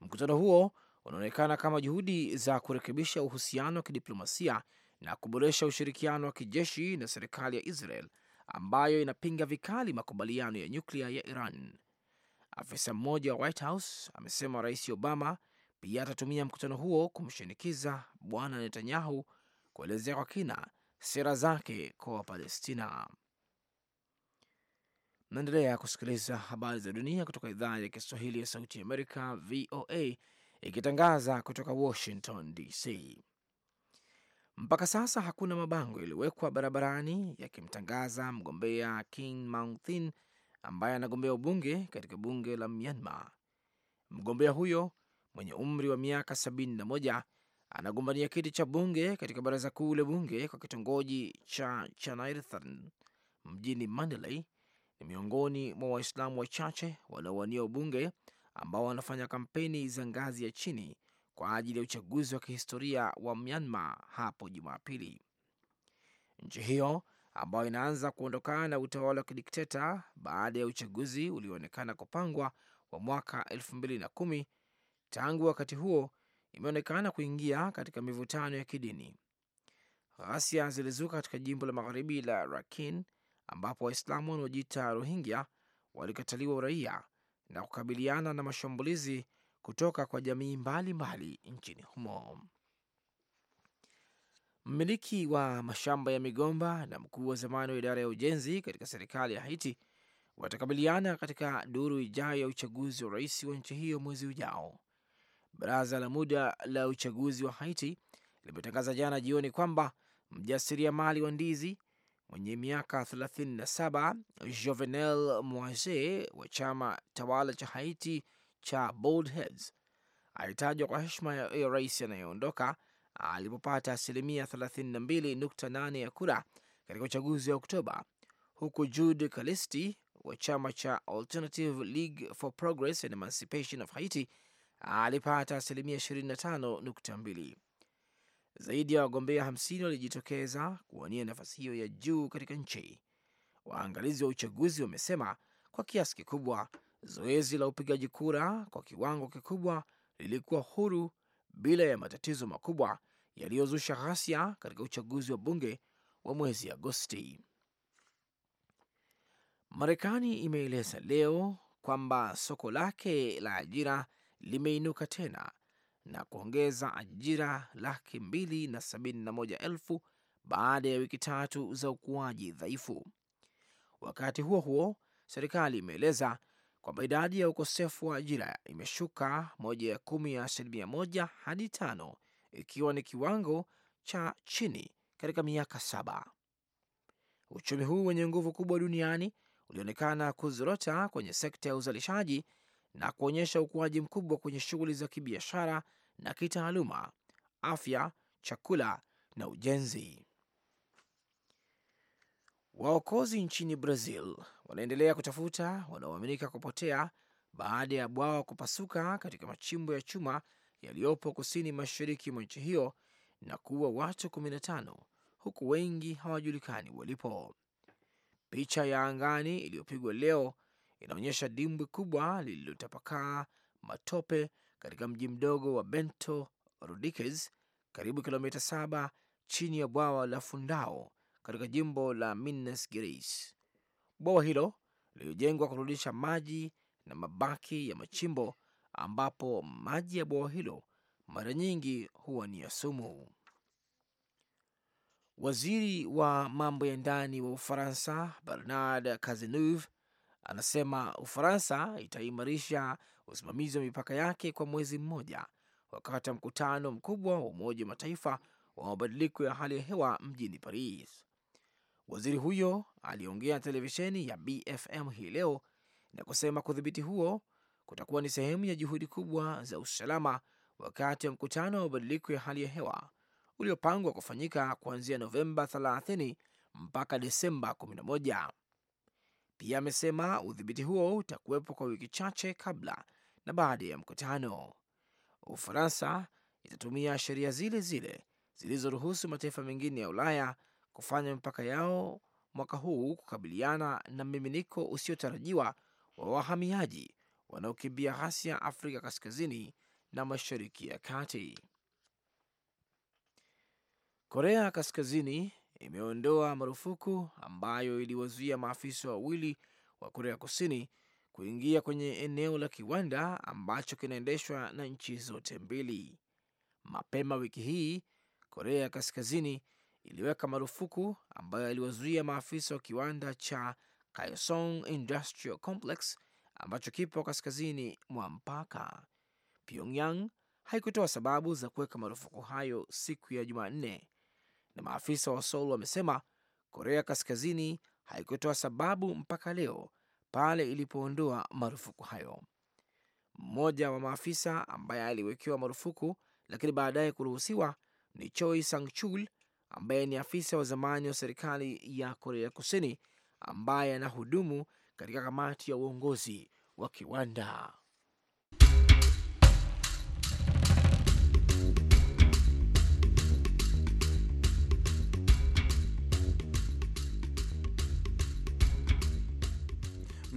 Mkutano huo unaonekana kama juhudi za kurekebisha uhusiano wa kidiplomasia na kuboresha ushirikiano wa kijeshi na serikali ya Israel ambayo inapinga vikali makubaliano ya nyuklia ya Iran. Afisa mmoja wa White House amesema Rais Obama pia atatumia mkutano huo kumshinikiza Bwana Netanyahu kuelezea kwa kina sera zake kwa Wapalestina. Naendelea kusikiliza habari za dunia kutoka idhaa ya Kiswahili ya Sauti ya Amerika, VOA, ikitangaza kutoka Washington DC. Mpaka sasa hakuna mabango yaliyowekwa barabarani yakimtangaza mgombea King Maung ambaye anagombea ubunge katika bunge la Myanmar. Mgombea huyo mwenye umri wa miaka 71 anagombania kiti cha bunge katika baraza kuu la bunge kwa kitongoji cha Chanairthan mjini Mandalay. Ni miongoni mwa Waislamu wachache wanaowania ubunge ambao wanafanya kampeni za ngazi ya chini kwa ajili ya uchaguzi wa kihistoria wa Myanmar hapo Jumapili. Nchi hiyo ambayo inaanza kuondokana na utawala wa kidikteta baada ya uchaguzi ulioonekana kupangwa wa mwaka 2010. Tangu wakati huo imeonekana kuingia katika mivutano ya kidini. Ghasia zilizuka katika jimbo la magharibi la Rakhine ambapo Waislamu wanaojiita Rohingya walikataliwa uraia na kukabiliana na mashambulizi kutoka kwa jamii mbalimbali nchini humo. Mmiliki wa mashamba ya migomba na mkuu wa zamani wa idara ya ujenzi katika serikali ya Haiti watakabiliana katika duru ijayo ya uchaguzi wa rais wa nchi hiyo mwezi ujao. Baraza la muda la uchaguzi wa Haiti limetangaza jana jioni kwamba mjasiriamali wa ndizi mwenye miaka 37 Jovenel Moise wa chama tawala cha Haiti cha Bald Heads alitajwa kwa heshima ya rais anayeondoka alipopata asilimia 32.8 ya kura katika uchaguzi wa Oktoba, huku Jude Calisti wa chama cha Alternative League for Progress and Emancipation of Haiti alipata asilimia 25.2. Zaidi ya wagombea 50 walijitokeza kuwania nafasi hiyo ya juu katika nchi. Waangalizi wa uchaguzi wamesema kwa kiasi kikubwa zoezi la upigaji kura kwa kiwango kikubwa lilikuwa huru bila ya matatizo makubwa yaliyozusha ghasia katika uchaguzi wa bunge wa mwezi Agosti. Marekani imeeleza leo kwamba soko lake la ajira limeinuka tena na kuongeza ajira laki mbili na sabini na moja elfu baada ya wiki tatu za ukuaji dhaifu. Wakati huo huo, serikali imeeleza kwamba idadi ya ukosefu wa ajira imeshuka moja ya kumi ya asilimia moja hadi tano ikiwa ni kiwango cha chini katika miaka saba. Uchumi huu wenye nguvu kubwa duniani ulionekana kuzorota kwenye sekta ya uzalishaji na kuonyesha ukuaji mkubwa kwenye shughuli za kibiashara na kitaaluma, afya, chakula na ujenzi. Waokozi nchini Brazil wanaendelea kutafuta wanaoaminika kupotea baada ya bwawa kupasuka katika machimbo ya chuma yaliyopo kusini mashariki mwa nchi hiyo na kuua watu 15 huku wengi hawajulikani walipo. Picha ya angani iliyopigwa leo inaonyesha dimbwi kubwa lililotapakaa matope katika mji mdogo wa Bento Rodrigues, karibu kilomita saba chini ya bwawa la Fundao katika jimbo la Minas Gerais. Bwawa hilo lilijengwa kurudisha maji na mabaki ya machimbo, ambapo maji ya bwawa hilo mara nyingi huwa ni ya sumu. Waziri wa mambo ya ndani wa Ufaransa Bernard Cazeneuve anasema Ufaransa itaimarisha usimamizi wa mipaka yake kwa mwezi mmoja wakati wa mkutano mkubwa wa Umoja wa Mataifa wa mabadiliko ya hali ya hewa mjini Paris. Waziri huyo aliongea televisheni ya BFM hii leo na kusema kudhibiti huo kutakuwa ni sehemu ya juhudi kubwa za usalama wakati wa mkutano wa mabadiliko ya hali ya hewa uliopangwa kufanyika kuanzia Novemba 30 mpaka Desemba 11. Pia amesema udhibiti huo utakuwepo kwa wiki chache kabla na baada ya mkutano. Ufaransa itatumia sheria zile zile zilizoruhusu mataifa mengine ya Ulaya kufanya mipaka yao mwaka huu kukabiliana na mmiminiko usiotarajiwa wa wahamiaji wanaokimbia ghasia Afrika Kaskazini na Mashariki ya Kati. Korea Kaskazini imeondoa marufuku ambayo iliwazuia maafisa wawili wa Korea Kusini kuingia kwenye eneo la kiwanda ambacho kinaendeshwa na nchi zote mbili. Mapema wiki hii Korea Kaskazini iliweka marufuku ambayo aliwazuia maafisa wa kiwanda cha Kaesong Industrial Complex ambacho kipo kaskazini mwa mpaka. Pyongyang haikutoa sababu za kuweka marufuku hayo siku ya Jumanne, na maafisa wa Seoul wamesema Korea Kaskazini haikutoa sababu mpaka leo pale ilipoondoa marufuku hayo. Mmoja wa maafisa ambaye aliwekewa marufuku lakini baadaye kuruhusiwa ni Choi Sang-chul ambaye ni afisa wa zamani wa serikali ya Korea Kusini ambaye anahudumu katika kamati ya uongozi wa kiwanda.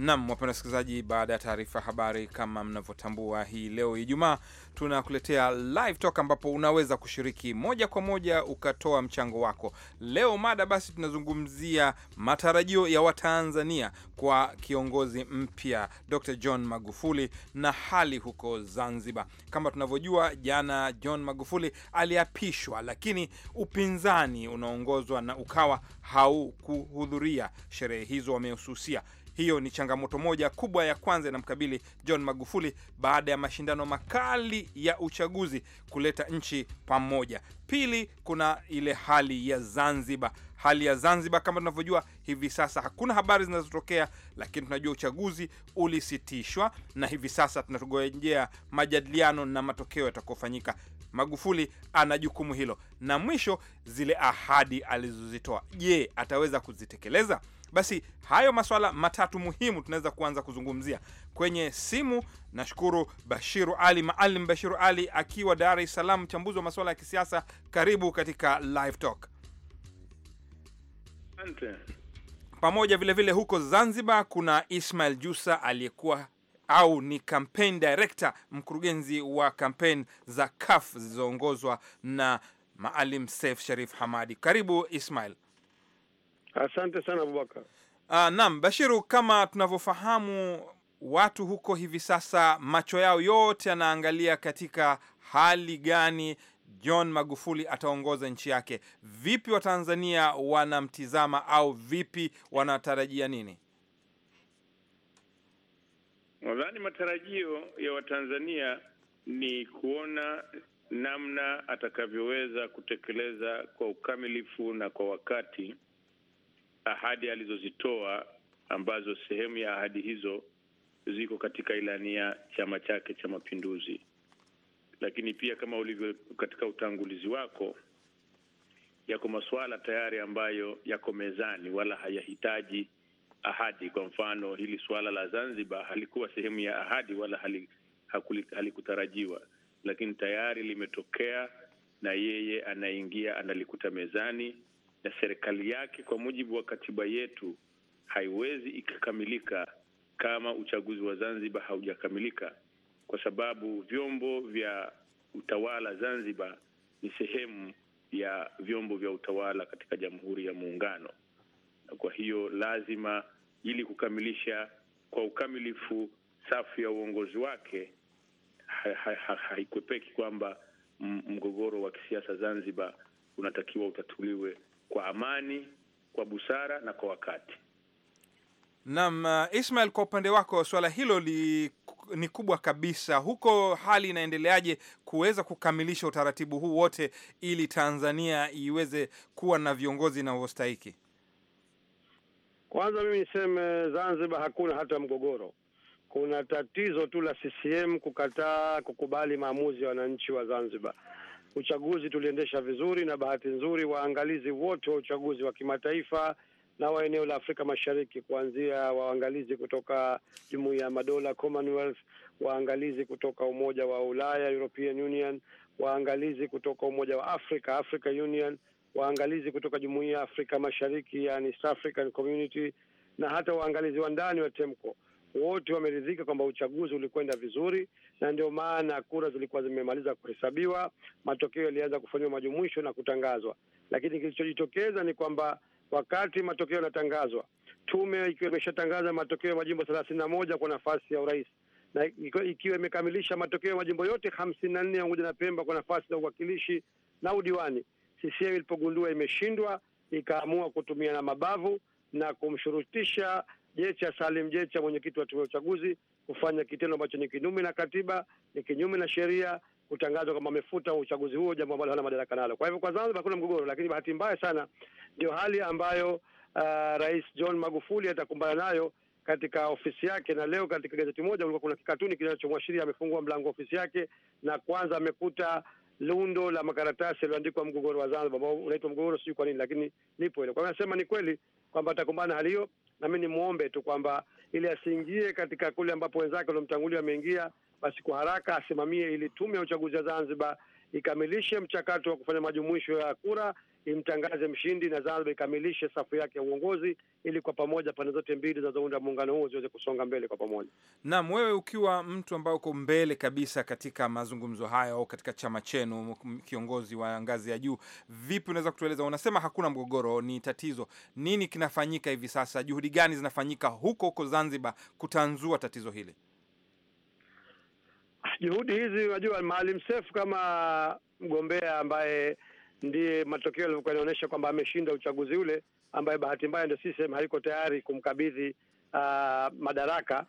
Nam, wapenda wasikilizaji, baada ya taarifa ya habari, kama mnavyotambua, hii leo Ijumaa tunakuletea live talk, ambapo unaweza kushiriki moja kwa moja ukatoa mchango wako. Leo mada basi tunazungumzia matarajio ya Watanzania kwa kiongozi mpya Dr. John Magufuli na hali huko Zanzibar. Kama tunavyojua, jana John Magufuli aliapishwa, lakini upinzani unaongozwa na Ukawa haukuhudhuria sherehe hizo, wamehususia hiyo ni changamoto moja kubwa ya kwanza inamkabili John Magufuli baada ya mashindano makali ya uchaguzi kuleta nchi pamoja. Pili, kuna ile hali ya Zanzibar. Hali ya Zanzibar kama tunavyojua hivi sasa hakuna habari zinazotokea, lakini tunajua uchaguzi ulisitishwa na hivi sasa tunatugojea majadiliano na matokeo yatakayofanyika. Magufuli ana jukumu hilo. Na mwisho, zile ahadi alizozitoa, je, ataweza kuzitekeleza? Basi hayo maswala matatu muhimu tunaweza kuanza kuzungumzia kwenye simu. Nashukuru Bashiru Ali Maalim Bashiru Ali akiwa Dar es Salaam, mchambuzi wa maswala ya kisiasa. Karibu katika Live Talk. Asante. Pamoja vile vile huko Zanzibar kuna Ismail Jusa aliyekuwa au ni campaign director, mkurugenzi wa campaign za CUF zilizoongozwa na Maalim Seif Sharif Hamadi. Karibu Ismail. Asante sana Abubakar. Uh, naam, Bashiru, kama tunavyofahamu watu huko hivi sasa macho yao yote yanaangalia katika hali gani John Magufuli ataongoza nchi yake. Vipi Watanzania wanamtizama au vipi wanatarajia nini? Nadhani matarajio ya Watanzania ni kuona namna atakavyoweza kutekeleza kwa ukamilifu na kwa wakati ahadi alizozitoa ambazo sehemu ya ahadi hizo ziko katika ilani ya chama chake cha Mapinduzi. Lakini pia kama ulivyo katika utangulizi wako, yako masuala tayari ambayo yako mezani wala hayahitaji ahadi. Kwa mfano, hili suala la Zanzibar halikuwa sehemu ya ahadi wala halikutarajiwa, lakini tayari limetokea na yeye anaingia analikuta mezani na serikali yake kwa mujibu wa katiba yetu haiwezi ikakamilika kama uchaguzi wa Zanzibar haujakamilika, kwa sababu vyombo vya utawala Zanzibar ni sehemu ya vyombo vya utawala katika Jamhuri ya Muungano, na kwa hiyo lazima ili kukamilisha kwa ukamilifu safu ya uongozi wake haikwepeki ha, ha, ha, kwamba mgogoro wa kisiasa Zanzibar unatakiwa utatuliwe kwa amani, kwa busara na kwa wakati. Naam, uh, Ismail, kwa upande wako swala hilo li, ni kubwa kabisa. Huko hali inaendeleaje kuweza kukamilisha utaratibu huu wote ili Tanzania iweze kuwa na viongozi inavyostahiki? Kwanza mimi niseme Zanzibar hakuna hata mgogoro. Kuna tatizo tu la CCM kukataa kukubali maamuzi ya wananchi wa Zanzibar uchaguzi tuliendesha vizuri, na bahati nzuri waangalizi wote wa uchaguzi wa kimataifa na wa eneo la Afrika Mashariki, kuanzia waangalizi kutoka Jumuiya ya Madola Commonwealth, waangalizi kutoka Umoja wa Ulaya European Union, waangalizi kutoka Umoja wa Afrika Africa Union, waangalizi kutoka Jumuiya ya Afrika Mashariki, yani East African Community, na hata waangalizi wa ndani wa TEMCO wote wameridhika kwamba uchaguzi ulikwenda vizuri, na ndio maana kura zilikuwa zimemaliza kuhesabiwa, matokeo yalianza kufanyiwa majumuisho na kutangazwa. Lakini kilichojitokeza ni kwamba wakati matokeo yanatangazwa, tume ikiwa imeshatangaza matokeo ya majimbo thelathini na moja kwa nafasi ya urais na ikiwa imekamilisha matokeo ya majimbo yote hamsini na nne pamoja na Pemba kwa nafasi za uwakilishi na udiwani, CCM ilipogundua imeshindwa, ikaamua kutumia na mabavu na kumshurutisha Jecha Salim Jecha, mwenyekiti wa tume ya uchaguzi, kufanya kitendo ambacho ni kinyume na katiba, ni kinyume na sheria, kutangazwa kwamba amefuta uchaguzi huo, jambo ambalo hana madaraka nalo. Kwa hivyo, kwa Zanzibar hakuna mgogoro, lakini bahati mbaya sana ndio hali ambayo uh, Rais John Magufuli atakumbana nayo katika ofisi yake. Na leo katika gazeti moja kulikuwa kuna kikatuni kinachomwashiria amefungua mlango wa ofisi yake, na kwanza amekuta lundo la makaratasi yaliyoandikwa mgogoro wa Zanzibar ambao unaitwa mgogoro, sijui kwa nini, lakini nipo ile. Kwa hiyo anasema ni kweli kwamba atakumbana hali hiyo, na mi nimwombe tu kwamba ili asiingie katika kule ambapo wenzake waliomtangulia wameingia, basi kwa haraka asimamie ili tume ya uchaguzi wa Zanzibar ikamilishe mchakato wa kufanya majumuisho ya kura imtangaze mshindi na Zanzibar ikamilishe safu yake ya uongozi ili kwa pamoja pande zote mbili zinazounda muungano huo ziweze kusonga mbele kwa pamoja. Naam, wewe ukiwa mtu ambaye uko mbele kabisa katika mazungumzo haya au katika chama chenu, kiongozi wa ngazi ya juu, vipi unaweza kutueleza? Unasema hakuna mgogoro, ni tatizo. Nini kinafanyika hivi sasa? Juhudi gani zinafanyika huko huko Zanzibar kutanzua tatizo hili? Juhudi hizi, unajua Maalim Seif kama mgombea ambaye ndiye matokeo yalivyokuwa yanaonyesha kwamba ameshinda uchaguzi ule, ambaye bahati mbaya ndio CCM haiko tayari kumkabidhi uh, madaraka.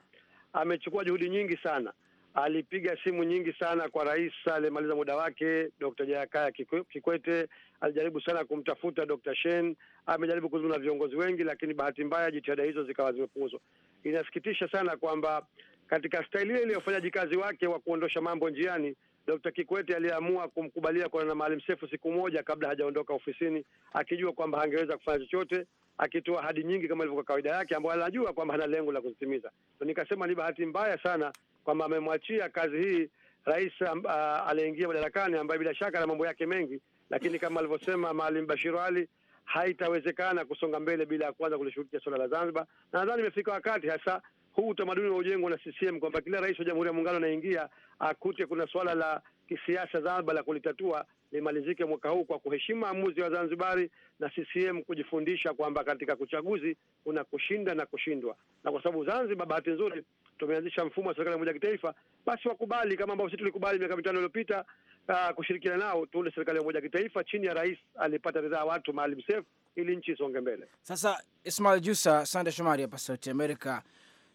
Amechukua juhudi nyingi sana, alipiga simu nyingi sana kwa rais aliyemaliza muda wake Dr. Jayakaya Kikwete, alijaribu sana kumtafuta Dr. Shen, amejaribu kuzungumza na viongozi wengi, lakini bahati mbaya jitihada hizo zikawa zimepuuzwa. Inasikitisha sana kwamba katika staili ile iliyofanya jikazi wake wa kuondosha mambo njiani Dr. Kikwete aliamua kumkubalia kuwa na Maalim Sefu siku moja kabla hajaondoka ofisini, akijua kwamba hangeweza kufanya chochote, akitoa ahadi nyingi kama ilivyokuwa kawaida yake, ambayo anajua kwamba hana lengo la kuzitimiza. So nikasema ni bahati mbaya sana kwamba amemwachia kazi hii rais uh, aliyeingia madarakani ambaye bila shaka na mambo yake mengi, lakini kama alivyosema Maalim Bashir Ali haitawezekana kusonga mbele bila ya kwanza kulishughulikia suala la Zanzibar, na nadhani imefika wakati hasa huu utamaduni wa ujengwa na CCM kwamba kila rais wa Jamhuri ya Muungano anaingia akute kuna swala la kisiasa zaba la kulitatua limalizike mwaka huu kwa kuheshimu maamuzi wa Zanzibari na CCM kujifundisha kwamba katika uchaguzi kuna kushinda na kushindwa, na kwa sababu Zanzibar, bahati nzuri, tumeanzisha mfumo wa serikali moja ya kitaifa, basi wakubali kama ambavyo sisi tulikubali miaka mitano iliyopita ah, kushirikiana nao tuunde serikali ya umoja kitaifa chini ya rais alipata ridhaa watu Maalim Seif ili nchi isonge mbele. Sasa Ismail Jusa, Sande Shomari hapa Sauti Amerika.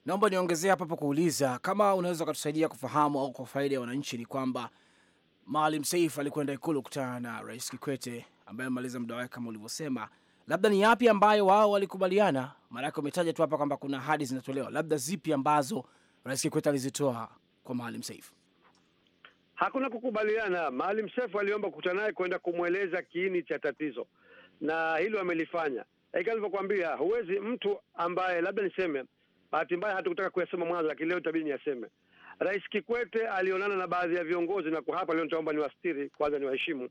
Naomba niongezee hapa hapo kuuliza kama unaweza ukatusaidia kufahamu au kwa faida ya wananchi, ni kwamba Maalim Seif alikwenda Ikulu kukutana na Rais Kikwete ambaye amemaliza muda wake kama ulivyosema. Labda ni yapi ambayo wao walikubaliana? Maanake umetaja tu hapa kwamba kuna ahadi zinatolewa, labda zipi ambazo Rais Kikwete alizitoa kwa Maalim Seif? Hakuna kukubaliana. Maalim Seif aliomba kukutana naye kwenda kumweleza kiini cha tatizo, na hilo amelifanya. Ika alivyokwambia, huwezi mtu ambaye labda niseme Bahati mbaya hatukutaka kuyasema mwanzo, lakini leo itabidi niyaseme. Rais Kikwete alionana na baadhi ya viongozi, na kwa hapa leo nitaomba niwastiri kwanza, niwaheshimu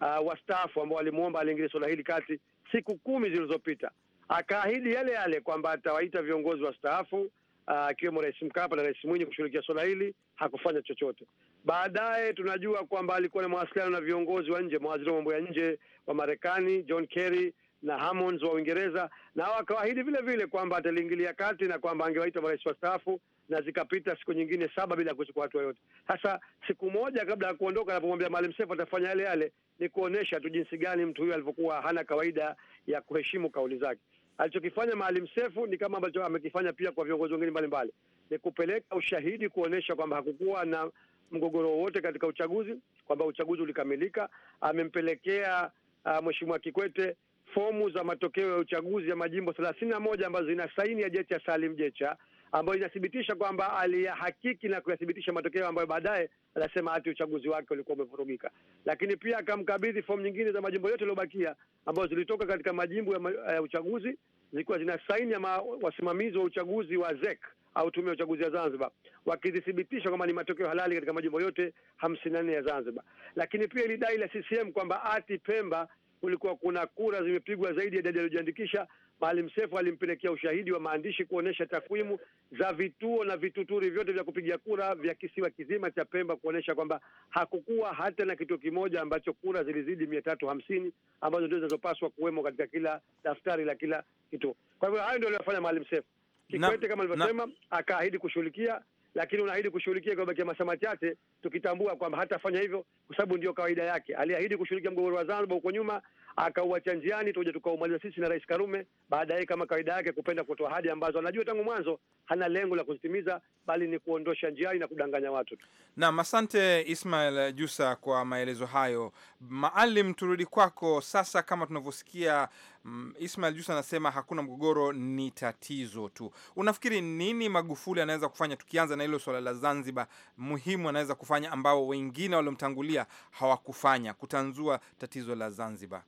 uh, wastaafu ambao alimuomba aliingilia suala hili kati siku kumi zilizopita, akaahidi yale yale kwamba atawaita viongozi wastaafu uh, akiwemo uh, Rais Mkapa na Rais Mwinyi kushughulikia suala hili. Hakufanya chochote. Baadaye tunajua kwamba alikuwa na mawasiliano na viongozi wa nje, mawaziri wa mambo ya nje wa Marekani John Kerry na Hammonds wa Uingereza, na wakawaahidi vile vile kwamba ataliingilia kati na kwamba angewaita marais wastaafu na zikapita siku nyingine saba bila kuchukua hatua yoyote. Sasa siku moja kabla ya kuondoka, anapomwambia Maalim Seif atafanya yale yale, ni kuonesha tu jinsi gani mtu huyo alivyokuwa hana kawaida ya kuheshimu kauli zake. Alichokifanya Maalim Seif ni kama ambacho amekifanya pia kwa viongozi wengine mbalimbali, ni kupeleka ushahidi kuonesha kwamba hakukuwa na mgogoro wowote katika uchaguzi, kwamba uchaguzi ulikamilika. Amempelekea uh, Mheshimiwa Kikwete fomu za matokeo ya uchaguzi ya majimbo thelathini na moja ambazo zina saini ya Jecha Salim Jecha ambayo inathibitisha kwamba aliyahakiki na kuyathibitisha matokeo ambayo baadaye anasema hati uchaguzi wake ulikuwa umevurugika. Lakini pia akamkabidhi fomu nyingine za majimbo yote yaliyobakia ambazo zilitoka katika majimbo ya, ma, ya uchaguzi zilikuwa zina saini ya ma, wasimamizi wa uchaguzi wa ZEC au tume ya uchaguzi ya Zanzibar wakizithibitisha kwamba ni matokeo halali katika majimbo yote hamsini na nne ya Zanzibar. Lakini pia ilidai la CCM kwamba ati Pemba kulikuwa kuna kura zimepigwa zaidi ya idadi aliyojiandikisha. Maalim Seif alimpelekea ushahidi wa maandishi kuonesha takwimu za vituo na vituturi vyote vya kupiga kura vya kisiwa kizima cha Pemba, kuonesha kwamba hakukuwa hata na kituo kimoja ambacho kura zilizidi mia tatu hamsini ambazo ndio zinazopaswa kuwemo katika kila daftari la kila kituo. Kwa hivyo hayo ndio aliyofanya Maalim Seif. Kikwete kama alivyosema, akaahidi kushughulikia lakini unaahidi kushughulikia kwa bakia masaa machache, tukitambua kwamba hatafanya hivyo kwa sababu ndio kawaida yake. Aliahidi kushughulikia mgogoro wa Zanzibar huko nyuma, akauacha njiani, tuja tukaumaliza sisi na Rais Karume. Baadaye kama kawaida yake kupenda kutoa ahadi ambazo anajua tangu mwanzo hana lengo la kuzitimiza, bali ni kuondosha njiani na kudanganya watu tu. Naam, asante Ismail Jusa kwa maelezo hayo. Maalim, turudi kwako sasa, kama tunavyosikia Mm, Ismail Jusa anasema hakuna mgogoro, ni tatizo tu. Unafikiri nini Magufuli anaweza kufanya, tukianza na hilo swala la Zanzibar, muhimu anaweza kufanya ambao wengine waliomtangulia hawakufanya, kutanzua tatizo la Zanzibar?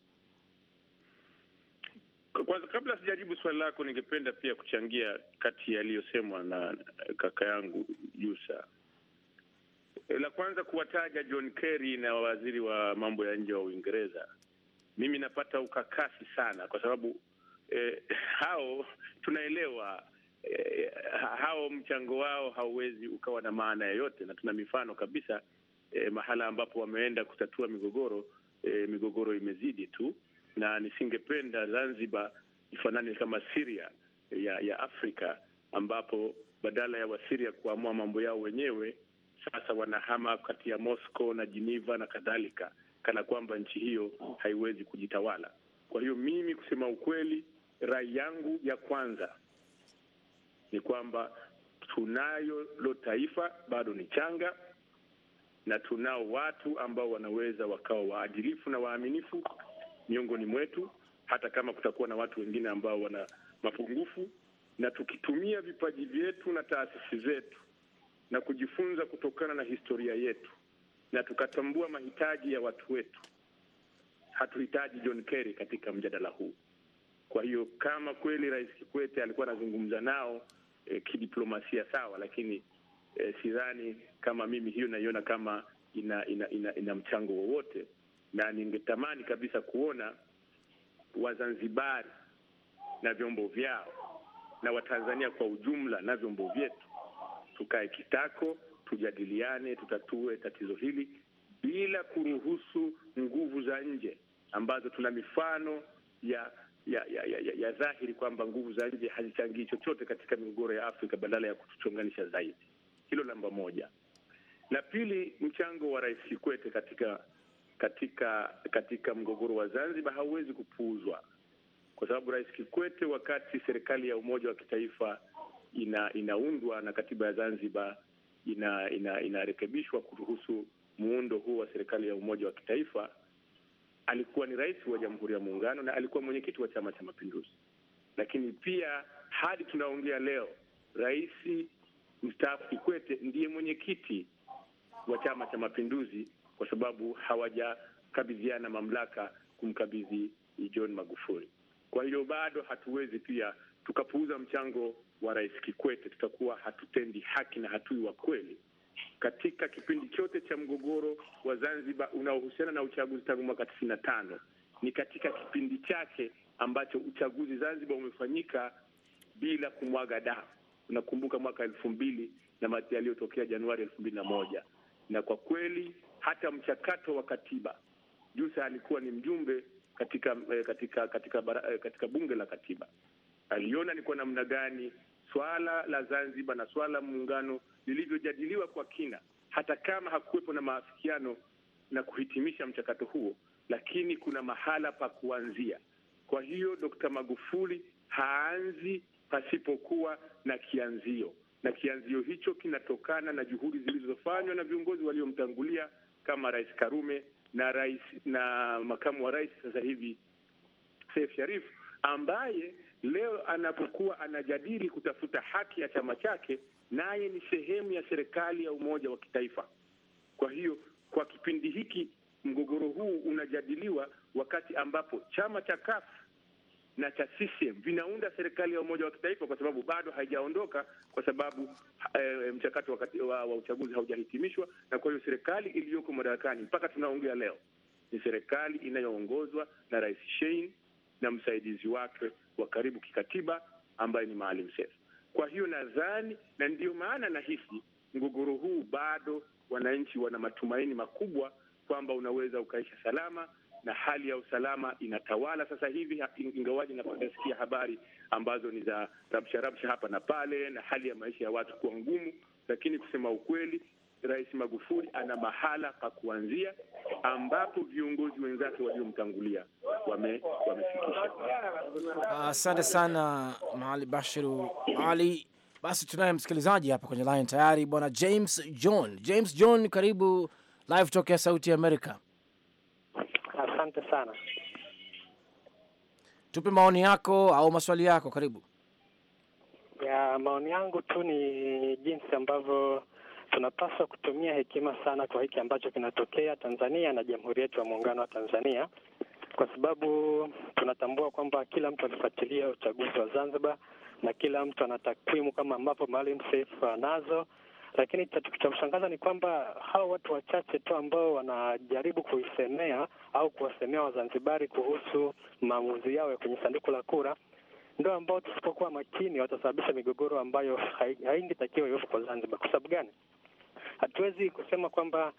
Kwanza, kabla sijajibu swali lako, ningependa pia kuchangia kati yaliyosemwa na kaka yangu Jusa. La kwanza kuwataja John Kerry na waziri wa mambo ya nje wa Uingereza mimi napata ukakasi sana, kwa sababu eh, hao tunaelewa eh, hao mchango wao hauwezi ukawa na maana yoyote, na tuna mifano kabisa eh, mahala ambapo wameenda kutatua migogoro eh, migogoro imezidi tu, na nisingependa Zanzibar ifanane kama Syria eh, ya ya Afrika ambapo badala ya Wasiria kuamua mambo yao wenyewe sasa wanahama kati ya Moscow na Geneva na kadhalika kana kwamba nchi hiyo haiwezi kujitawala. Kwa hiyo mimi, kusema ukweli, rai yangu ya kwanza ni kwamba tunayo lo taifa bado ni changa na tunao watu ambao wanaweza wakawa waadilifu na waaminifu miongoni mwetu, hata kama kutakuwa na watu wengine ambao wana mapungufu, na tukitumia vipaji vyetu na taasisi zetu na kujifunza kutokana na historia yetu, na tukatambua mahitaji ya watu wetu, hatuhitaji John Kerry katika mjadala huu. Kwa hiyo kama kweli Rais Kikwete alikuwa anazungumza nao eh, kidiplomasia sawa, lakini eh, sidhani kama mimi hiyo naiona kama ina ina, ina, ina mchango wowote, na ningetamani kabisa kuona Wazanzibari na vyombo vyao na Watanzania kwa ujumla na vyombo vyetu tukae kitako tujadiliane, tutatue tatizo hili bila kuruhusu nguvu za nje ambazo tuna mifano ya ya ya, ya, ya, ya dhahiri kwamba nguvu za nje hazichangii chochote katika migogoro ya Afrika, badala ya kutuchonganisha zaidi. Hilo namba moja. La pili, mchango wa Rais Kikwete katika katika katika mgogoro wa Zanzibar hauwezi kupuuzwa, kwa sababu Rais Kikwete, wakati serikali ya umoja wa kitaifa ina, inaundwa na katiba ya Zanzibar ina, ina, inarekebishwa kuruhusu muundo huu wa serikali ya umoja wa kitaifa. Alikuwa ni rais wa Jamhuri ya Muungano na alikuwa mwenyekiti wa Chama cha Mapinduzi, lakini pia hadi tunaongea leo rais mstaafu Kikwete ndiye mwenyekiti wa Chama cha Mapinduzi kwa sababu hawajakabidhiana mamlaka kumkabidhi John Magufuli. Kwa hiyo bado hatuwezi pia tukapuuza mchango wa Rais Kikwete, tutakuwa hatutendi haki na hatui wa kweli katika kipindi chote cha mgogoro wa Zanzibar unaohusiana na uchaguzi tangu mwaka tisini na tano. Ni katika kipindi chake ambacho uchaguzi Zanzibar umefanyika bila kumwaga damu. Unakumbuka mwaka elfu mbili na mati yaliyotokea Januari elfu mbili na moja na kwa kweli hata mchakato wa katiba, Jusa alikuwa ni mjumbe katika eh, katika katika, katika, eh, katika bunge la katiba aliona ni kwa namna gani swala la Zanzibar na swala la muungano lilivyojadiliwa kwa kina, hata kama hakuwepo na maafikiano na kuhitimisha mchakato huo, lakini kuna mahala pa kuanzia. Kwa hiyo Dkt. Magufuli haanzi pasipokuwa na kianzio, na kianzio hicho kinatokana na juhudi zilizofanywa na viongozi waliomtangulia kama Rais Karume na rais na makamu wa rais sasa hivi Seif Sharif ambaye leo anapokuwa anajadili kutafuta haki ya chama chake, naye ni sehemu ya serikali ya umoja wa kitaifa. Kwa hiyo kwa kipindi hiki mgogoro huu unajadiliwa wakati ambapo chama cha CUF na cha CCM vinaunda serikali ya umoja wa kitaifa, kwa sababu bado haijaondoka, kwa sababu e, mchakato wa, wa, wa uchaguzi haujahitimishwa. Na kwa hiyo serikali iliyoko madarakani mpaka tunaongea leo ni serikali inayoongozwa na Rais Shein na msaidizi wake wa karibu kikatiba ambaye ni Maalim Seif. Kwa hiyo nadhani, na ndiyo maana nahisi mgogoro huu bado wananchi wana matumaini makubwa kwamba unaweza ukaisha salama na hali ya usalama inatawala sasa hivi, ingawaji nasikia habari ambazo ni za rabsha rabsha hapa na pale na hali ya maisha ya watu kuwa ngumu, lakini kusema ukweli, Rais Magufuli ana mahala pa kuanzia ambapo viongozi wenzake waliomtangulia wamefikisha. Wame ah, asante uh, sana Mahali Bashiru Ali. Basi tunaye msikilizaji hapa kwenye line tayari, bwana James John. James John, karibu live talk ya Sauti ya Amerika. Asante sana, tupe maoni yako au maswali yako, karibu. Ya, maoni yangu tu ni jinsi ambavyo tunapaswa kutumia hekima sana kwa hiki ambacho kinatokea Tanzania na Jamhuri yetu ya Muungano wa Tanzania, kwa sababu tunatambua kwamba kila mtu alifuatilia uchaguzi wa Zanzibar na kila mtu ana takwimu kama ambapo Maalim Seif anazo, lakini cha kushangaza ni kwamba hao watu wachache tu ambao wanajaribu kuisemea au kuwasemea Wazanzibari kuhusu maamuzi yao ya kwenye sanduku la kura ndio ambao tusipokuwa makini watasababisha migogoro ambayo haingitakiwa iwepo kwa Zanzibar. Kwa sababu gani? hatuwezi kusema kwamba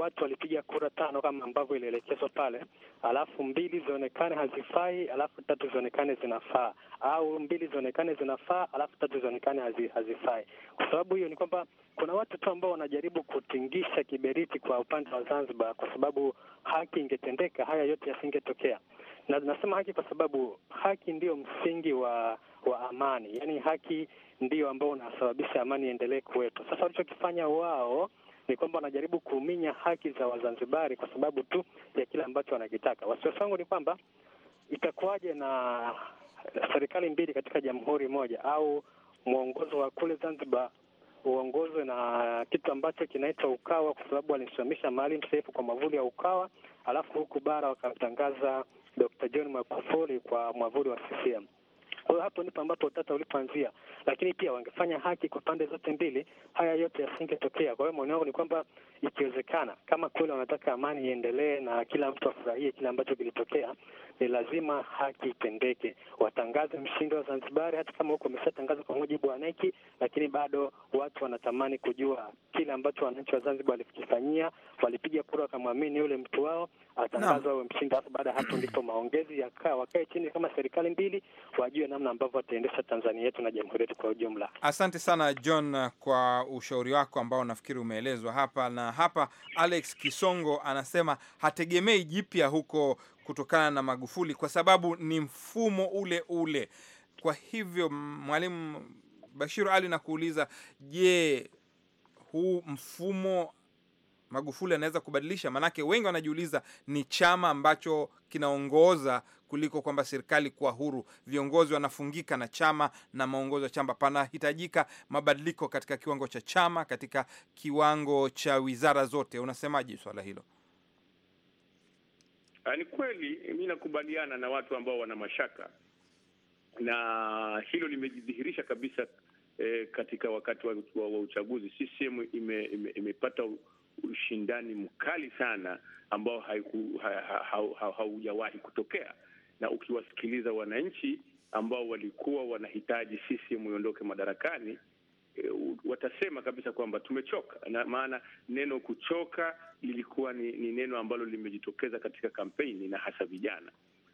watu walipiga kura tano kama ambavyo ilielekezwa pale, alafu mbili zionekane hazifai, alafu tatu zionekane zinafaa, au mbili zionekane zinafaa, alafu tatu zionekane hazi, hazifai. Kwa sababu hiyo ni kwamba kuna watu tu ambao wanajaribu kutingisha kiberiti kwa upande wa Zanzibar, kwa sababu haki ingetendeka, haya yote yasingetokea. Na nasema haki kwa sababu haki ndiyo msingi wa wa amani, yaani haki ndio ambao unasababisha amani iendelee kuwepo. Sasa walichokifanya wao ni kwamba wanajaribu kuminya haki za Wazanzibari kwa sababu tu ya kile ambacho wanakitaka. Wasiwasi wangu ni kwamba itakuwaje na serikali mbili katika jamhuri moja, au mwongozo wa kule Zanzibar uongozwe na kitu ambacho kinaitwa Ukawa, kwa sababu walimsimamisha Maalim Seif kwa mwavuli ya Ukawa, alafu huku bara wakamtangaza Dr. John Magufuli kwa mwavuli wa CCM. Kwa hiyo hapo ndipo ambapo utata ulipoanzia, lakini pia wangefanya haki kwa pande zote mbili, haya yote yasingetokea. Kwa hiyo maoni wangu ni kwamba ikiwezekana, kama kweli wanataka amani iendelee na kila mtu afurahie kile ambacho kilitokea, ni lazima haki itendeke. Watangaze mshindi wa Zanzibari, hata kama huko wameshatangaza kwa mujibu wa neki, lakini bado watu wanatamani kujua kile ambacho wananchi wa Zanzibar walikifanyia. Walipiga kura wakamwamini yule mtu wao, atangazwa no. awe mshindi. Halafu baada ya hapo ndipo maongezi yakaa, wakae chini kama serikali mbili, wajue namna ambavyo ataendesha Tanzania yetu na jamhuri yetu kwa ujumla. Asante sana John kwa ushauri wako ambao nafikiri umeelezwa hapa na hapa. Alex Kisongo anasema hategemei jipya huko kutokana na Magufuli kwa sababu ni mfumo ule ule. Kwa hivyo Mwalimu Bashir Ali nakuuliza, je, huu mfumo Magufuli anaweza kubadilisha? Maanake wengi wanajiuliza ni chama ambacho kinaongoza kuliko kwamba serikali kuwa huru. Viongozi wanafungika na chama na maongozo ya chama. Panahitajika mabadiliko katika kiwango cha chama, katika kiwango cha wizara zote. Unasemaje swala hilo? Ah, ni kweli, mi nakubaliana na watu ambao wana mashaka, na hilo limejidhihirisha kabisa eh, katika wakati wa, wa uchaguzi CCM imepata ime, ime ushindani mkali sana ambao haujawahi kutokea, na ukiwasikiliza wananchi ambao walikuwa wanahitaji CCM iondoke madarakani e, watasema kabisa kwamba tumechoka, na maana neno kuchoka lilikuwa ni, ni neno ambalo limejitokeza katika kampeni na hasa vijana.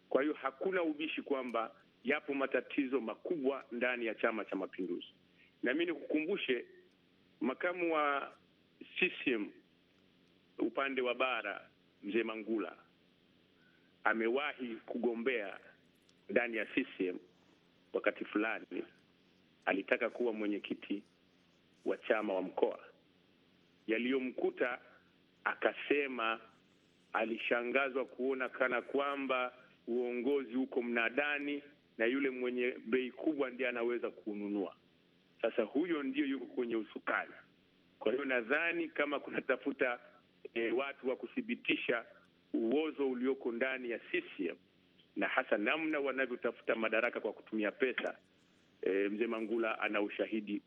Kwa hiyo hakuna ubishi kwamba yapo matatizo makubwa ndani ya Chama cha Mapinduzi, na mi nikukumbushe makamu wa CCM upande wa bara mzee Mangula amewahi kugombea ndani ya CCM wakati fulani, alitaka kuwa mwenyekiti wa chama wa mkoa. Yaliyomkuta akasema alishangazwa kuona kana kwamba uongozi uko mnadani na yule mwenye bei kubwa ndiye anaweza kununua. Sasa huyo ndiyo yuko kwenye usukani. Kwa hiyo nadhani kama kunatafuta e, watu wa kuthibitisha uozo ulioko ndani ya CCM na hasa namna wanavyotafuta madaraka kwa kutumia pesa. E, mzee Mangula ana ushahidi,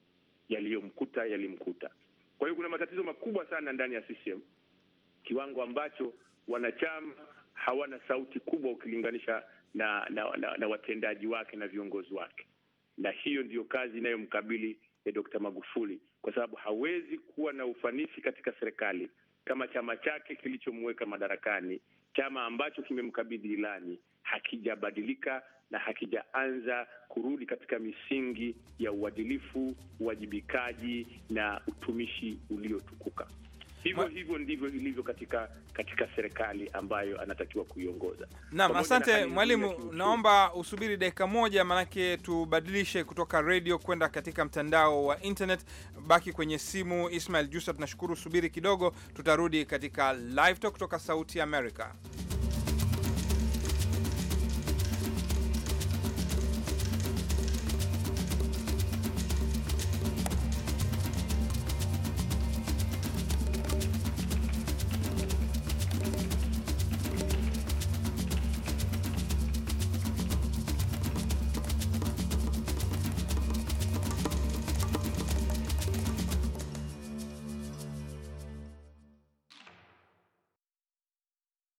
yaliyomkuta yalimkuta. Kwa hiyo kuna matatizo makubwa sana ndani ya CCM, kiwango ambacho wanachama hawana sauti kubwa ukilinganisha na na, na, na watendaji wake na viongozi wake, na hiyo ndiyo kazi inayomkabili eh, Dr. Magufuli, kwa sababu hawezi kuwa na ufanisi katika serikali kama chama chake kilichomweka madarakani, chama ambacho kimemkabidhi ilani hakijabadilika na hakijaanza kurudi katika misingi ya uadilifu, uwajibikaji na utumishi uliotukuka. Hivyo hivyo ndivyo ilivyo katika katika serikali ambayo anatakiwa kuiongoza. Naam, asante mwalimu, naomba usubiri dakika moja, maanake tubadilishe kutoka redio kwenda katika mtandao wa internet. Baki kwenye simu, Ismail Jusa, tunashukuru. Subiri kidogo, tutarudi katika live talk kutoka Sauti America.